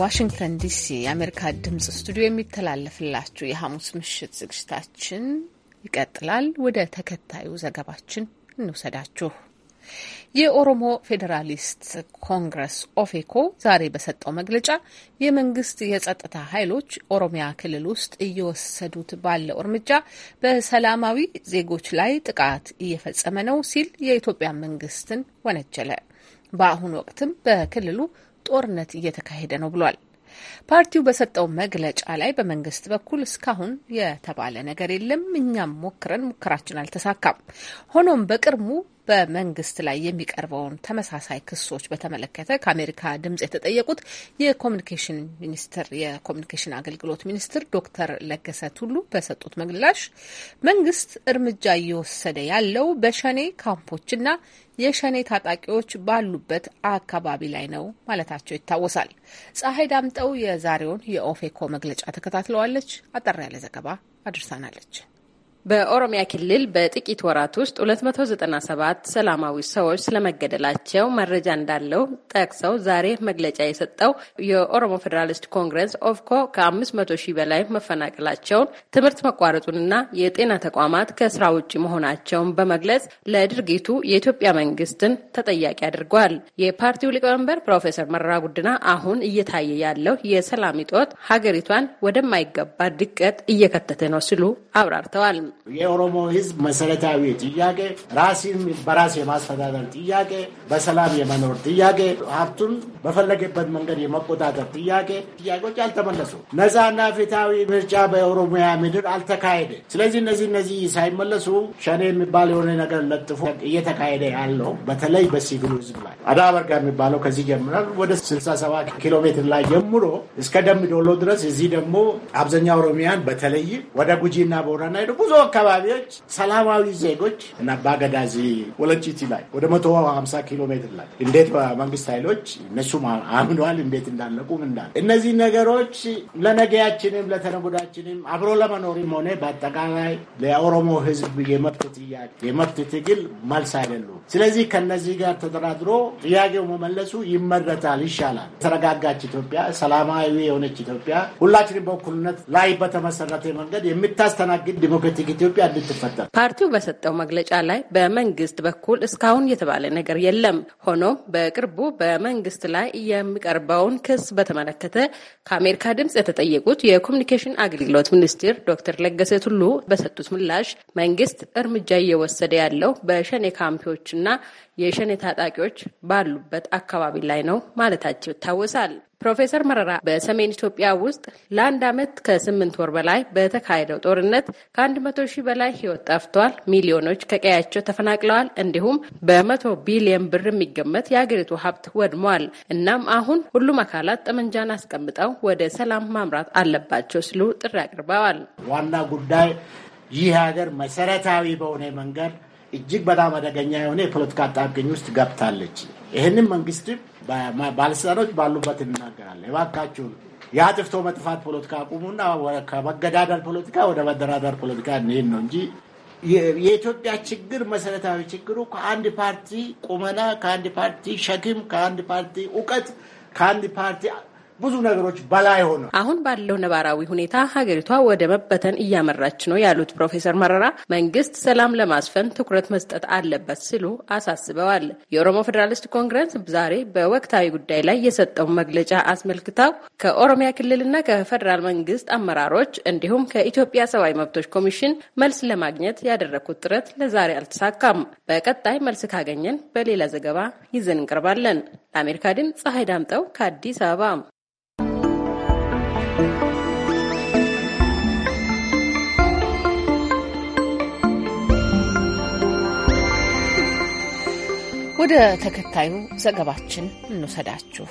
Speaker 1: ዋሽንግተን ዲሲ የአሜሪካ ድምጽ ስቱዲዮ የሚተላለፍላችሁ የሐሙስ ምሽት ዝግጅታችን ይቀጥላል። ወደ ተከታዩ ዘገባችን እንውሰዳችሁ። የኦሮሞ ፌዴራሊስት ኮንግረስ ኦፌኮ ዛሬ በሰጠው መግለጫ የመንግስት የጸጥታ ኃይሎች ኦሮሚያ ክልል ውስጥ እየወሰዱት ባለው እርምጃ በሰላማዊ ዜጎች ላይ ጥቃት እየፈጸመ ነው ሲል የኢትዮጵያ መንግስትን ወነጀለ። በአሁኑ ወቅትም በክልሉ ጦርነት እየተካሄደ ነው ብሏል። ፓርቲው በሰጠው መግለጫ ላይ በመንግስት በኩል እስካሁን የተባለ ነገር የለም፣ እኛም ሞክረን ሙከራችን አልተሳካም። ሆኖም በቅርቡ በመንግስት ላይ የሚቀርበውን ተመሳሳይ ክሶች በተመለከተ ከአሜሪካ ድምጽ የተጠየቁት የኮሚኒኬሽን ሚኒስትር የኮሚኒኬሽን አገልግሎት ሚኒስትር ዶክተር ለገሰ ቱሉ በሰጡት ምላሽ መንግስት እርምጃ እየወሰደ ያለው በሸኔ ካምፖችና የሸኔ ታጣቂዎች ባሉበት አካባቢ ላይ ነው ማለታቸው ይታወሳል። ፀሐይ ዳምጠው የዛሬውን የኦፌኮ መግለጫ ተከታትለዋለች። አጠር ያለ ዘገባ አድርሳናለች።
Speaker 8: በኦሮሚያ ክልል በጥቂት ወራት ውስጥ 297 ሰላማዊ ሰዎች ስለመገደላቸው መረጃ እንዳለው ጠቅሰው ዛሬ መግለጫ የሰጠው የኦሮሞ ፌዴራሊስት ኮንግረስ ኦፍኮ ከ500 ሺህ በላይ መፈናቀላቸውን፣ ትምህርት መቋረጡንና የጤና ተቋማት ከስራ ውጭ መሆናቸውን በመግለጽ ለድርጊቱ የኢትዮጵያ መንግስትን ተጠያቂ አድርጓል። የፓርቲው ሊቀመንበር ፕሮፌሰር መረራ ጉድና አሁን እየታየ ያለው የሰላም እጦት ሀገሪቷን ወደማይገባ ድቀት እየከተተ ነው ሲሉ
Speaker 4: አብራርተዋል። የኦሮሞ ህዝብ መሰረታዊ ጥያቄ ራሲን በራስ የማስተዳደር ጥያቄ፣ በሰላም የመኖር ጥያቄ፣ ሀብቱን በፈለገበት መንገድ የመቆጣጠር ጥያቄ ጥያቄዎች አልተመለሱ። ነፃና ፍትሃዊ ምርጫ በኦሮሚያ ምድር አልተካሄደ። ስለዚህ እነዚህ እነዚህ ሳይመለሱ ሸኔ የሚባል የሆነ ነገር ለጥፎ እየተካሄደ ያለው በተለይ በሲቪሉ ህዝብ ላይ አዳበርጋ የሚባለው ከዚህ ጀምራል ወደ 67 ኪሎ ሜትር ላይ ጀምሮ እስከ ደምቢዶሎ ድረስ እዚህ ደግሞ አብዛኛው ኦሮሚያን በተለይ ወደ ጉጂና ቦረና ሄደ ብዙ አካባቢዎች ሰላማዊ ዜጎች እና በአገዳዚ ወለንጪቲ ላይ ወደ መቶ ሀምሳ ኪሎ ሜትር ላይ እንዴት በመንግስት ኃይሎች እነሱም አምኗል እንዴት እንዳለቁ እንዳለ እነዚህ ነገሮች ለነገያችንም ለተነጉዳችንም አብሮ ለመኖርም ሆነ በአጠቃላይ ለኦሮሞ ህዝብ የመብት ጥያቄ የመብት ትግል መልስ አይደሉም። ስለዚህ ከነዚህ ጋር ተጠራድሮ ጥያቄው መመለሱ ይመረታል፣ ይሻላል። የተረጋጋች ኢትዮጵያ፣ ሰላማዊ የሆነች ኢትዮጵያ ሁላችንም በእኩልነት ላይ በተመሰረተ መንገድ የምታስተናግድ ዲሞክራቲክ ኢትዮጵያ እንድትፈጠር
Speaker 8: ፓርቲው በሰጠው መግለጫ ላይ በመንግስት በኩል እስካሁን የተባለ ነገር የለም። ሆኖም በቅርቡ በመንግስት ላይ የሚቀርበውን ክስ በተመለከተ ከአሜሪካ ድምፅ የተጠየቁት የኮሚኒኬሽን አገልግሎት ሚኒስትር ዶክተር ለገሰ ቱሉ በሰጡት ምላሽ መንግስት እርምጃ እየወሰደ ያለው በሸኔ ካምፒዎችና የሸኔ ታጣቂዎች ባሉበት አካባቢ ላይ ነው ማለታቸው ይታወሳል። ፕሮፌሰር መረራ በሰሜን ኢትዮጵያ ውስጥ ለአንድ ዓመት ከስምንት ወር በላይ በተካሄደው ጦርነት ከአንድ መቶ ሺህ በላይ ህይወት ጠፍቷል፣ ሚሊዮኖች ከቀያቸው ተፈናቅለዋል፣ እንዲሁም በመቶ ቢሊየን ብር የሚገመት የአገሪቱ ሀብት ወድሟል። እናም አሁን ሁሉም አካላት ጠመንጃን አስቀምጠው ወደ ሰላም ማምራት አለባቸው ሲሉ ጥሪ አቅርበዋል። ዋና ጉዳይ
Speaker 4: ይህ ሀገር መሰረታዊ በሆነ መንገድ እጅግ በጣም አደገኛ የሆነ የፖለቲካ ጣብቅኝ ውስጥ ገብታለች። ይህንም መንግስትም ባለስልጣኖች ባሉበት እንናገራለን። የባካችሁን የአጥፍቶ መጥፋት ፖለቲካ አቁሙና ከመገዳደር ፖለቲካ ወደ መደራደር ፖለቲካ እንሄድ ነው እንጂ የኢትዮጵያ ችግር መሰረታዊ ችግሩ ከአንድ ፓርቲ ቁመና፣ ከአንድ ፓርቲ ሸክም፣ ከአንድ ፓርቲ እውቀት፣ ከአንድ ፓርቲ ብዙ ነገሮች
Speaker 8: በላይ ሆነ። አሁን ባለው ነባራዊ ሁኔታ ሀገሪቷ ወደ መበተን እያመራች ነው ያሉት ፕሮፌሰር መረራ መንግስት ሰላም ለማስፈን ትኩረት መስጠት አለበት ሲሉ አሳስበዋል። የኦሮሞ ፌዴራሊስት ኮንግረስ ዛሬ በወቅታዊ ጉዳይ ላይ የሰጠውን መግለጫ አስመልክተው ከኦሮሚያ ክልልና ከፌዴራል መንግስት አመራሮች እንዲሁም ከኢትዮጵያ ሰብአዊ መብቶች ኮሚሽን መልስ ለማግኘት ያደረግኩት ጥረት ለዛሬ አልተሳካም። በቀጣይ መልስ ካገኘን በሌላ ዘገባ ይዘን እንቀርባለን። ለአሜሪካ ድምፅ ፀሐይ ዳምጠው ከአዲስ አበባ ወደ
Speaker 1: ተከታዩ ዘገባችን እንውሰዳችሁ።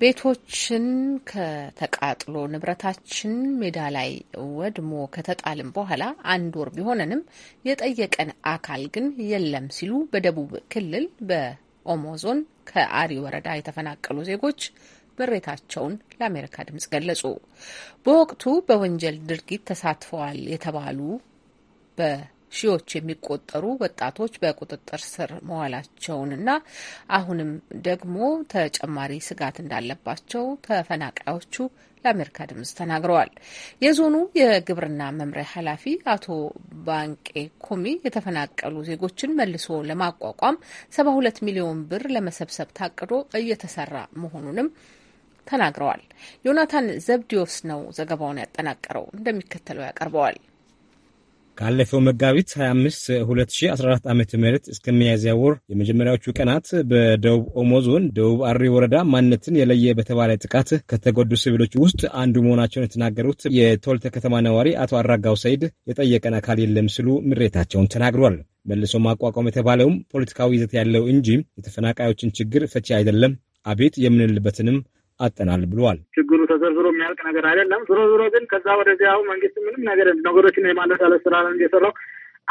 Speaker 1: ቤቶችን ከተቃጥሎ ንብረታችን ሜዳ ላይ ወድሞ ከተጣልም በኋላ አንድ ወር ቢሆነንም የጠየቀን አካል ግን የለም ሲሉ በደቡብ ክልል በኦሞ ዞን ከአሪ ወረዳ የተፈናቀሉ ዜጎች ምሬታቸውን ለአሜሪካ ድምጽ ገለጹ። በወቅቱ በወንጀል ድርጊት ተሳትፈዋል የተባሉ በ ሺዎች የሚቆጠሩ ወጣቶች በቁጥጥር ስር መዋላቸውንና አሁንም ደግሞ ተጨማሪ ስጋት እንዳለባቸው ተፈናቃዮቹ ለአሜሪካ ድምጽ ተናግረዋል። የዞኑ የግብርና መምሪያ ኃላፊ አቶ ባንቄ ኮሚ የተፈናቀሉ ዜጎችን መልሶ ለማቋቋም ሰባ ሁለት ሚሊዮን ብር ለመሰብሰብ ታቅዶ እየተሰራ መሆኑንም ተናግረዋል። ዮናታን ዘብዲዮስ ነው ዘገባውን ያጠናቀረው፣ እንደሚከተለው ያቀርበዋል።
Speaker 9: ካለፈው መጋቢት 25 2014 ዓ ም እስከ ሚያዝያ ወር የመጀመሪያዎቹ ቀናት በደቡብ ኦሞ ዞን ደቡብ አሪ ወረዳ ማንነትን የለየ በተባለ ጥቃት ከተጎዱ ሲቪሎች ውስጥ አንዱ መሆናቸውን የተናገሩት የቶልተ ከተማ ነዋሪ አቶ አራጋው ሰይድ የጠየቀን አካል የለም ሲሉ ምሬታቸውን ተናግሯል። መልሶ ማቋቋም የተባለውም ፖለቲካዊ ይዘት ያለው እንጂ የተፈናቃዮችን ችግር ፈቺ አይደለም። አቤት የምንልበትንም አጠናል ብለዋል። ችግሩ ተዘርዝሮ
Speaker 3: የሚያልቅ ነገር አይደለም። ዞሮ ዞሮ ግን ከዛ ወደዚያ አሁን መንግስት ምንም ነገር ነገሮችን የማለሳለስ ስራ ነው የሰራው።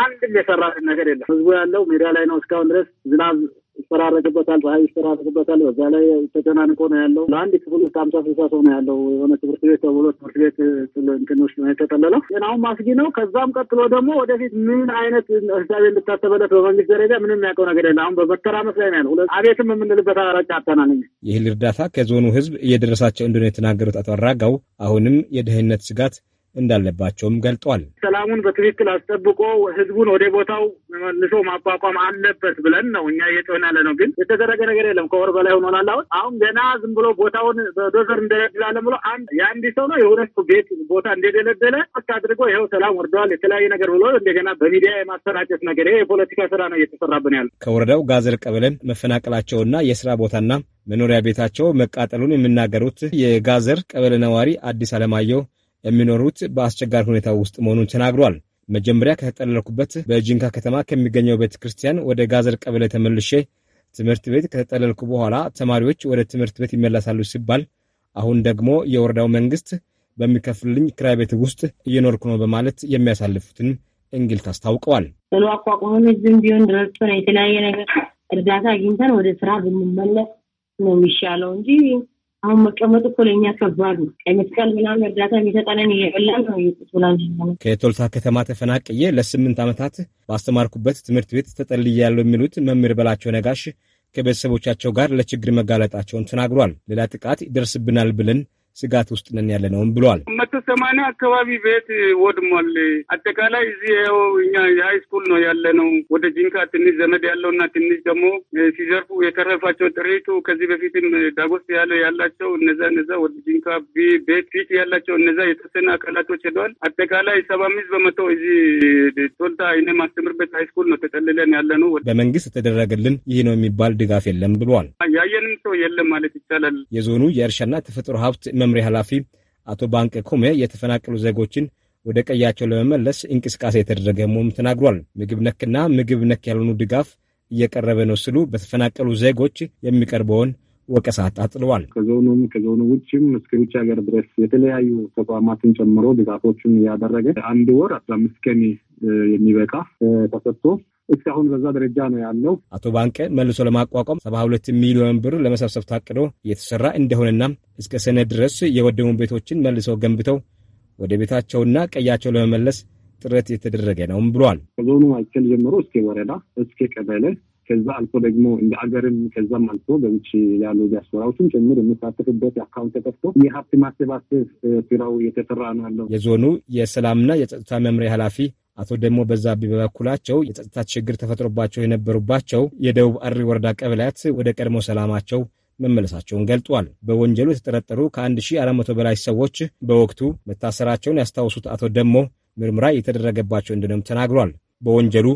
Speaker 3: አንድም የሰራ ነገር የለም። ህዝቡ ያለው ሜዳ ላይ ነው። እስካሁን ድረስ ዝናብ ይፈራረቅበታል፣ ፀሐይ ይፈራረቅበታል። በዛ ላይ ተጨናንቆ ነው ያለው። ለአንድ ክፍል ውስጥ አምሳ ስልሳ ሰው ነው ያለው። የሆነ ትምህርት ቤት ተብሎ ትምህርት ቤት እንትኖች ነው የተጠለለው። ጤናውን ማስጊ ነው። ከዛም ቀጥሎ ደግሞ ወደፊት ምን አይነት ህሳቤ እንድታተበለት በመንግስት ደረጃ ምንም የሚያውቀው ነገር የለ። አሁን በመተራመስ ላይ ነው ያለ። አቤትም የምንልበት አራጭ አታናነኝ።
Speaker 9: ይህል እርዳታ ከዞኑ ህዝብ እየደረሳቸው እንደሆነ የተናገሩት አቶ አራጋው አሁንም የደህንነት ስጋት እንዳለባቸውም ገልጧል።
Speaker 3: ሰላሙን በትክክል አስጠብቆ ህዝቡን ወደ ቦታው መልሶ ማቋቋም አለበት ብለን ነው እኛ እየጮህን ያለ ነው። ግን የተደረገ ነገር የለም። ከወር በላይ ሆኖናል። አሁን አሁን ገና ዝም ብሎ ቦታውን በዶዘር እንደለድላለን ብሎ አንድ የአንድ ሰው ነው የሆነ ቤት ቦታ እንደደለደለ ስ አድርጎ ይኸው ሰላም ወርደዋል የተለያየ ነገር ብሎ
Speaker 9: እንደገና በሚዲያ የማሰራጨት ነገር የፖለቲካ ስራ ነው እየተሰራብን ያለ። ከወረዳው ጋዘር ቀበሌ መፈናቀላቸውና የስራ ቦታና መኖሪያ ቤታቸው መቃጠሉን የሚናገሩት የጋዘር ቀበሌ ነዋሪ አዲስ አለማየሁ የሚኖሩት በአስቸጋሪ ሁኔታ ውስጥ መሆኑን ተናግሯል። መጀመሪያ ከተጠለልኩበት በጂንካ ከተማ ከሚገኘው ቤተ ክርስቲያን ወደ ጋዘር ቀበሌ ተመልሼ ትምህርት ቤት ከተጠለልኩ በኋላ ተማሪዎች ወደ ትምህርት ቤት ይመለሳሉ ሲባል አሁን ደግሞ የወረዳው መንግስት በሚከፍልልኝ ክራይ ቤት ውስጥ እየኖርኩ ነው በማለት የሚያሳልፉትን እንግልት አስታውቀዋል።
Speaker 10: ጥሎ አቋቁመን እዚህም ቢሆን ድረሱን የተለያየ ነገር እርዳታ አግኝተን
Speaker 2: ወደ ስራ ብንመለስ ነው የሚሻለው እንጂ አሁን መቀመጡ እኮ ለእኛ ከባድ ነው።
Speaker 10: ቀይ መስቀል ምናምን እርዳታ የሚሰጠነን እየበላን ነው።
Speaker 9: ከቶልታ ከተማ ተፈናቅዬ ለስምንት ዓመታት ባስተማርኩበት ትምህርት ቤት ተጠልያለሁ የሚሉት መምህር በላቸው ነጋሽ ከቤተሰቦቻቸው ጋር ለችግር መጋለጣቸውን ተናግሯል። ሌላ ጥቃት ይደርስብናል ብለን ስጋት ውስጥ ነን ያለነውም ብሏል።
Speaker 3: መቶ ሰማንያ አካባቢ ቤት ወድሟል። አጠቃላይ እዚህ ይኸው እኛ የሀይ ስኩል ነው ያለነው። ወደ ጂንካ ትንሽ ዘመድ ያለውና ትንሽ ደግሞ ሲዘርፉ የተረፋቸው ጥሪቱ ከዚህ በፊትም ዳጎስ ያለ ያላቸው እነዛ እነዛ ወደ ጂንካ ቤት ፊት ያላቸው እነዛ የተወሰነ አካላቶች ሄደዋል። አጠቃላይ ሰባ አምስት በመቶ እዚህ ቶልታ አይነ ማስተምርበት ሀይ ስኩል ነው ተጠልለን ያለ ነው
Speaker 9: በመንግስት የተደረገልን ይህ ነው የሚባል ድጋፍ የለም ብሏል። ያየንም ሰው የለም ማለት ይቻላል። የዞኑ የእርሻና ተፈጥሮ ሀብት መምሪያ ኃላፊ አቶ ባንቅ ኩሜ የተፈናቀሉ ዜጎችን ወደ ቀያቸው ለመመለስ እንቅስቃሴ የተደረገ መሆኑ ተናግሯል። ምግብ ነክና ምግብ ነክ ያልሆኑ ድጋፍ እየቀረበ ነው ሲሉ በተፈናቀሉ ዜጎች የሚቀርበውን ወቀሳ አጣጥለዋል። ከዞኑም ከዞኑ ውጭም እስከ ውጭ ሀገር ድረስ
Speaker 3: የተለያዩ ተቋማትን ጨምሮ ድጋፎችን እያደረገ አንድ ወር አስራ አምስት ቀን የሚበቃ ተሰጥቶ እስካሁን በዛ ደረጃ ነው ያለው።
Speaker 9: አቶ ባንቀ መልሶ ለማቋቋም ሰባ ሁለት ሚሊዮን ብር ለመሰብሰብ ታቅዶ እየተሰራ እንደሆነና እስከ ሰነ ድረስ የወደሙ ቤቶችን መልሰው ገንብተው ወደ ቤታቸውና ቀያቸው ለመመለስ ጥረት የተደረገ ነውም ብሏል።
Speaker 7: ከዞኑ ማይከል ጀምሮ እስከ ወረዳ እስከ ቀበሌ ከዛ አልፎ ደግሞ እንደ አገርም ከዛም አልፎ በውጭ ያሉ ዲያስፖራዎችም ጭምር የምሳተፍበት አካውንት ተከፍቶ የሀብት ማሰባሰብ ስራው እየተሰራ ነው ያለው የዞኑ
Speaker 9: የሰላምና የጸጥታ መምሪያ ኃላፊ አቶ ደግሞ በዛብህ በበኩላቸው የጸጥታ ችግር ተፈጥሮባቸው የነበሩባቸው የደቡብ አሪ ወረዳ ቀበሌያት ወደ ቀድሞ ሰላማቸው መመለሳቸውን ገልጧል። በወንጀሉ የተጠረጠሩ ከ1400 በላይ ሰዎች በወቅቱ መታሰራቸውን ያስታውሱት አቶ ደግሞ ምርምራ የተደረገባቸው እንደሆነም ተናግሯል። በወንጀሉ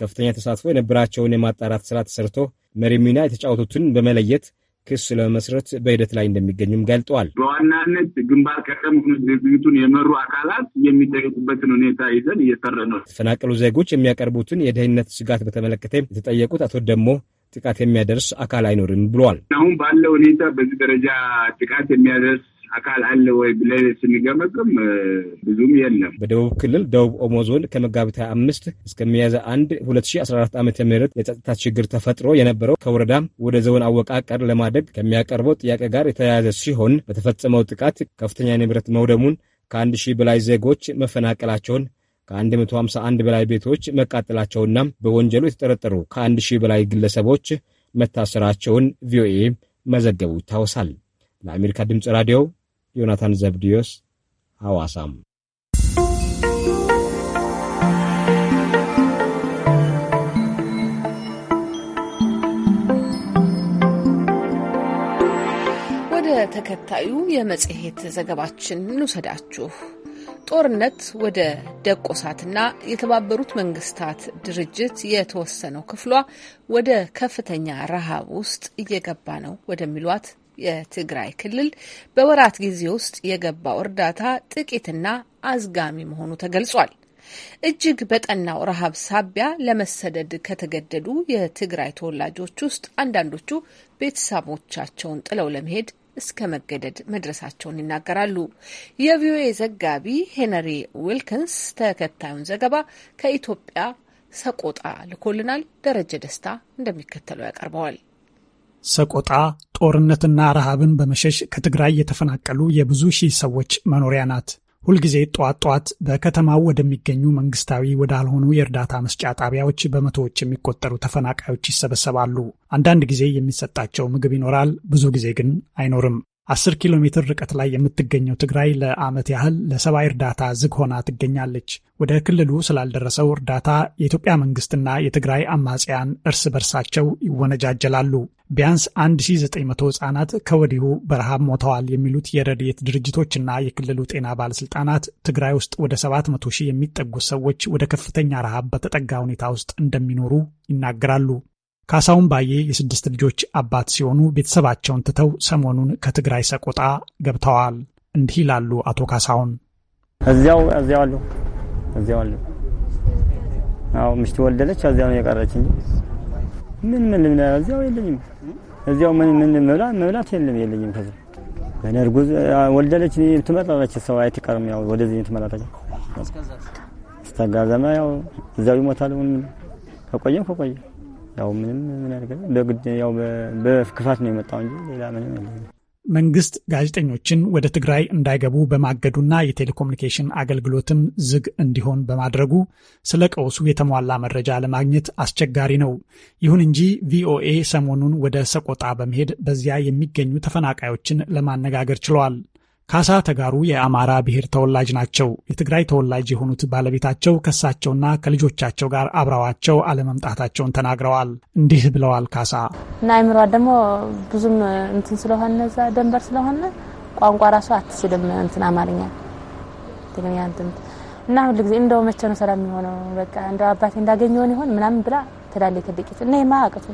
Speaker 9: ከፍተኛ ተሳትፎ የነበራቸውን የማጣራት ስራ ተሰርቶ መሪ ሚና የተጫወቱትን በመለየት ክስ ለመመስረት በሂደት ላይ እንደሚገኙም ገልጠዋል።
Speaker 3: በዋናነት ግንባር ቀደም ድርጅቱን የመሩ አካላት የሚጠየቁበትን ሁኔታ ይዘን እየሰረ ነው።
Speaker 9: የተፈናቀሉ ዜጎች የሚያቀርቡትን የደህንነት ስጋት በተመለከተ የተጠየቁት አቶ ደግሞ ጥቃት የሚያደርስ አካል አይኖርም ብለዋል። አሁን ባለው ሁኔታ በዚህ ደረጃ ጥቃት የሚያደርስ አካል አለ ወይ ብለን ስንገመግም ብዙም የለም። በደቡብ ክልል ደቡብ ኦሞ ዞን ከመጋቢት 25 እስከ ሚያዝያ አንድ ሁለት ሺ የጸጥታ ችግር ተፈጥሮ የነበረው ከወረዳ ወደ ዞን አወቃቀር ለማደግ ከሚያቀርበው ጥያቄ ጋር የተያያዘ ሲሆን በተፈጸመው ጥቃት ከፍተኛ ንብረት መውደሙን 1 ሺህ በላይ ዜጎች መፈናቀላቸውን ከ151 በላይ ቤቶች መቃጠላቸውና በወንጀሉ የተጠረጠሩ ከ ሺህ በላይ ግለሰቦች መታሰራቸውን ቪኦኤ መዘገቡ ይታወሳል። ለአሜሪካ ድምፅ ራዲዮ ዮናታን ዘብዲዮስ ሐዋሳም
Speaker 1: ወደ ተከታዩ የመጽሔት ዘገባችን እንውሰዳችሁ። ጦርነት ወደ ደቆሳትና የተባበሩት መንግስታት ድርጅት የተወሰነው ክፍሏ ወደ ከፍተኛ ረሃብ ውስጥ እየገባ ነው ወደሚሏት የትግራይ ክልል በወራት ጊዜ ውስጥ የገባው እርዳታ ጥቂትና አዝጋሚ መሆኑ ተገልጿል። እጅግ በጠናው ረሃብ ሳቢያ ለመሰደድ ከተገደዱ የትግራይ ተወላጆች ውስጥ አንዳንዶቹ ቤተሰቦቻቸውን ጥለው ለመሄድ እስከ መገደድ መድረሳቸውን ይናገራሉ። የቪኦኤ ዘጋቢ ሄነሪ ዊልክንስ ተከታዩን ዘገባ ከኢትዮጵያ ሰቆጣ ልኮልናል። ደረጀ ደስታ እንደሚከተለው ያቀርበዋል።
Speaker 11: ሰቆጣ፣ ጦርነትና ረሃብን በመሸሽ ከትግራይ የተፈናቀሉ የብዙ ሺህ ሰዎች መኖሪያ ናት። ሁልጊዜ ጠዋት ጧት በከተማው ወደሚገኙ መንግስታዊ ወዳልሆኑ የእርዳታ መስጫ ጣቢያዎች በመቶዎች የሚቆጠሩ ተፈናቃዮች ይሰበሰባሉ። አንዳንድ ጊዜ የሚሰጣቸው ምግብ ይኖራል፣ ብዙ ጊዜ ግን አይኖርም። አስር ኪሎ ሜትር ርቀት ላይ የምትገኘው ትግራይ ለዓመት ያህል ለሰብአዊ እርዳታ ዝግ ሆና ትገኛለች። ወደ ክልሉ ስላልደረሰው እርዳታ የኢትዮጵያ መንግስትና የትግራይ አማጽያን እርስ በርሳቸው ይወነጃጀላሉ። ቢያንስ 1900 ህጻናት ከወዲሁ በረሃብ ሞተዋል የሚሉት የረድኤት ድርጅቶችና የክልሉ ጤና ባለስልጣናት ትግራይ ውስጥ ወደ 700 ሺህ የሚጠጉ ሰዎች ወደ ከፍተኛ ረሃብ በተጠጋ ሁኔታ ውስጥ እንደሚኖሩ ይናገራሉ። ካሳሁን ባዬ የስድስት ልጆች አባት ሲሆኑ ቤተሰባቸውን ትተው ሰሞኑን ከትግራይ ሰቆጣ ገብተዋል። እንዲህ ይላሉ አቶ ካሳሁን።
Speaker 4: እዚያው እዚያው አሉ እዚያው አሉ። አዎ ምሽት ወልደለች። እዚያው ነው የቀረች እንጂ ምን ምን ምን እዚያው የለኝም። እዚያው ምን ምን መብላት የለም የለኝም። ከዚህ ገና እርጉዝ ወልደለች። ትመጣለች። ሰው አይትቀርም። ያው ወደዚህ ትመጣለች። እስከዚያ ዘማ ያው እዚያው ይሞታል። ከቆየም ከቆየ ያው ምንም ምን ያው በክፋት ነው የመጣው እንጂ ሌላ ምንም የለም።
Speaker 11: መንግስት ጋዜጠኞችን ወደ ትግራይ እንዳይገቡ በማገዱና የቴሌኮሙኒኬሽን አገልግሎትም ዝግ እንዲሆን በማድረጉ ስለ ቀውሱ የተሟላ መረጃ ለማግኘት አስቸጋሪ ነው። ይሁን እንጂ ቪኦኤ ሰሞኑን ወደ ሰቆጣ በመሄድ በዚያ የሚገኙ ተፈናቃዮችን ለማነጋገር ችለዋል። ካሳ ተጋሩ የአማራ ብሔር ተወላጅ ናቸው። የትግራይ ተወላጅ የሆኑት ባለቤታቸው ከሳቸውና ከልጆቻቸው ጋር አብረዋቸው አለመምጣታቸውን ተናግረዋል። እንዲህ ብለዋል። ካሳ
Speaker 10: እና አይምሯ ደግሞ ብዙም እንትን ስለሆነ እዛ ደንበር ስለሆነ ቋንቋ ራሱ አትችልም። እንትን አማርኛ ትግርኛ እንትን እና ሁሉ ጊዜ እንደው መቼ ነው ሰላም የሆነው በቃ እንደው አባቴ እንዳገኘውን ይሆን ምናምን ብላ ትላለች። ትልቂት እና የማያቅቱ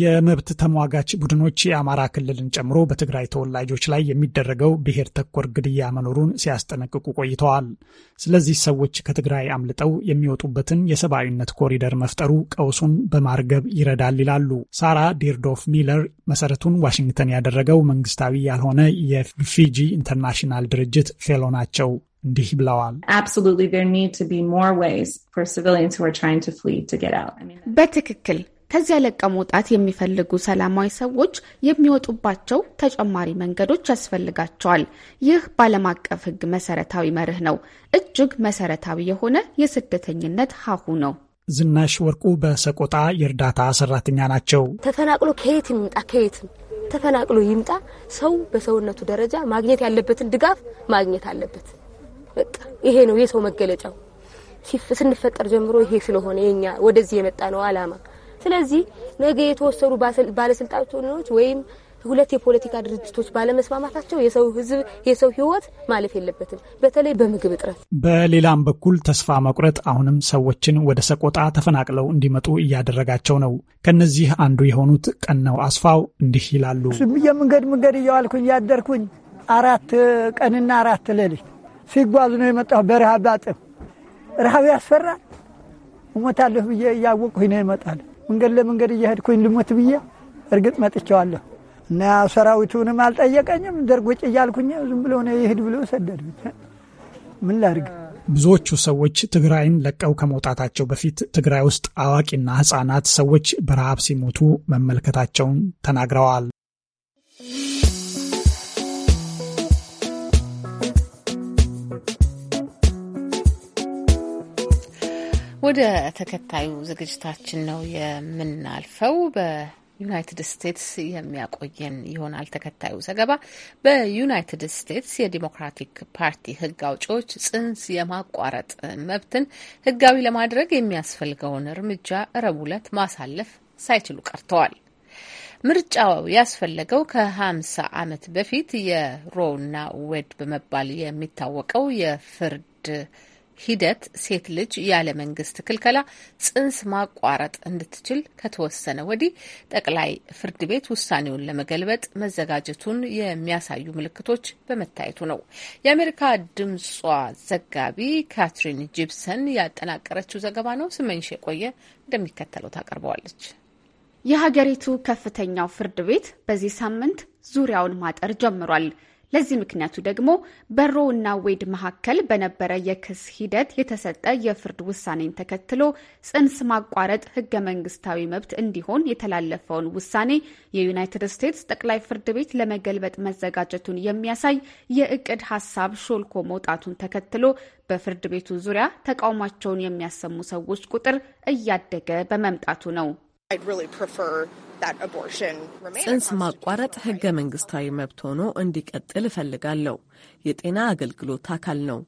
Speaker 11: የመብት ተሟጋች ቡድኖች የአማራ ክልልን ጨምሮ በትግራይ ተወላጆች ላይ የሚደረገው ብሔር ተኮር ግድያ መኖሩን ሲያስጠነቅቁ ቆይተዋል። ስለዚህ ሰዎች ከትግራይ አምልጠው የሚወጡበትን የሰብአዊነት ኮሪደር መፍጠሩ ቀውሱን በማርገብ ይረዳል ይላሉ። ሳራ ዲርዶፍ ሚለር መሰረቱን ዋሽንግተን ያደረገው መንግስታዊ ያልሆነ የፊጂ ኢንተርናሽናል ድርጅት ፌሎ ናቸው። እንዲህ ብለዋል።
Speaker 12: በትክክል ከዚያ ለቀው መውጣት የሚፈልጉ ሰላማዊ ሰዎች የሚወጡባቸው ተጨማሪ መንገዶች ያስፈልጋቸዋል። ይህ በዓለም አቀፍ ሕግ መሰረታዊ መርህ ነው። እጅግ መሰረታዊ የሆነ የስደተኝነት ሀሁ
Speaker 11: ነው። ዝናሽ ወርቁ በሰቆጣ የእርዳታ ሰራተኛ ናቸው።
Speaker 8: ተፈናቅሎ ከየት ይምጣ ከየትም ተፈናቅሎ ይምጣ፣ ሰው በሰውነቱ ደረጃ ማግኘት ያለበትን ድጋፍ ማግኘት አለበት። በቃ ይሄ ነው የሰው መገለጫው። ስንፈጠር ጀምሮ ይሄ ስለሆነ የኛ ወደዚህ የመጣ ነው አላማ ስለዚህ ነገ የተወሰኑ ባለስልጣኖች ወይም ሁለት የፖለቲካ ድርጅቶች ባለመስማማታቸው የሰው ህዝብ የሰው ህይወት ማለፍ የለበትም። በተለይ በምግብ እጥረት።
Speaker 11: በሌላም በኩል ተስፋ መቁረጥ አሁንም ሰዎችን ወደ ሰቆጣ ተፈናቅለው እንዲመጡ እያደረጋቸው ነው። ከነዚህ አንዱ የሆኑት ቀነው አስፋው እንዲህ ይላሉ። ዝም ብዬ መንገድ መንገድ እየዋልኩኝ አራት ቀንና አራት ሌሊት ሲጓዙ ነው የመጣሁ። በረሃብ አጥም ረሃብ ያስፈራል። እሞታለሁ ብዬ እያወቅኩኝ ነው ይመጣል መንገድ ለመንገድ እየሄድኩኝ ልሞት ብዬ እርግጥ መጥቼዋለሁ እና ሰራዊቱንም አልጠየቀኝም። ደርጎጭ እያልኩኝ ዝም ብሎ ይሄድ ብሎ ሰደድ። ምን ላድርግ? ብዙዎቹ ሰዎች ትግራይን ለቀው ከመውጣታቸው በፊት ትግራይ ውስጥ አዋቂና ህፃናት ሰዎች በረሃብ ሲሞቱ መመልከታቸውን ተናግረዋል።
Speaker 1: ወደ ተከታዩ ዝግጅታችን ነው የምናልፈው። በዩናይትድ ስቴትስ የሚያቆየን ይሆናል ተከታዩ ዘገባ። በዩናይትድ ስቴትስ የዲሞክራቲክ ፓርቲ ሕግ አውጪዎች ጽንስ የማቋረጥ መብትን ሕጋዊ ለማድረግ የሚያስፈልገውን እርምጃ ረቡዕ ዕለት ማሳለፍ ሳይችሉ ቀርተዋል። ምርጫው ያስፈለገው ከ50 ዓመት በፊት የሮና ዌድ በመባል የሚታወቀው የፍርድ ሂደት ሴት ልጅ ያለ መንግስት ክልከላ ጽንስ ማቋረጥ እንድትችል ከተወሰነ ወዲህ ጠቅላይ ፍርድ ቤት ውሳኔውን ለመገልበጥ መዘጋጀቱን የሚያሳዩ ምልክቶች በመታየቱ ነው። የአሜሪካ ድምጿ ዘጋቢ ካትሪን ጂፕሰን ያጠናቀረችው ዘገባ ነው። ስመኝሽ የቆየ እንደሚከተለው ታቀርበዋለች። የሀገሪቱ ከፍተኛው
Speaker 12: ፍርድ ቤት በዚህ ሳምንት ዙሪያውን ማጠር ጀምሯል። ለዚህ ምክንያቱ ደግሞ በሮ እና ዌድ መካከል በነበረ የክስ ሂደት የተሰጠ የፍርድ ውሳኔን ተከትሎ ጽንስ ማቋረጥ ህገ መንግስታዊ መብት እንዲሆን የተላለፈውን ውሳኔ የዩናይትድ ስቴትስ ጠቅላይ ፍርድ ቤት ለመገልበጥ መዘጋጀቱን የሚያሳይ የእቅድ ሀሳብ ሾልኮ መውጣቱን ተከትሎ በፍርድ ቤቱ ዙሪያ ተቃውሟቸውን የሚያሰሙ ሰዎች ቁጥር እያደገ በመምጣቱ ነው።
Speaker 2: ጽንስ ማቋረጥ ህገ መንግስታዊ መብት ሆኖ እንዲቀጥል እፈልጋለሁ። የጤና አገልግሎት አካል ነው።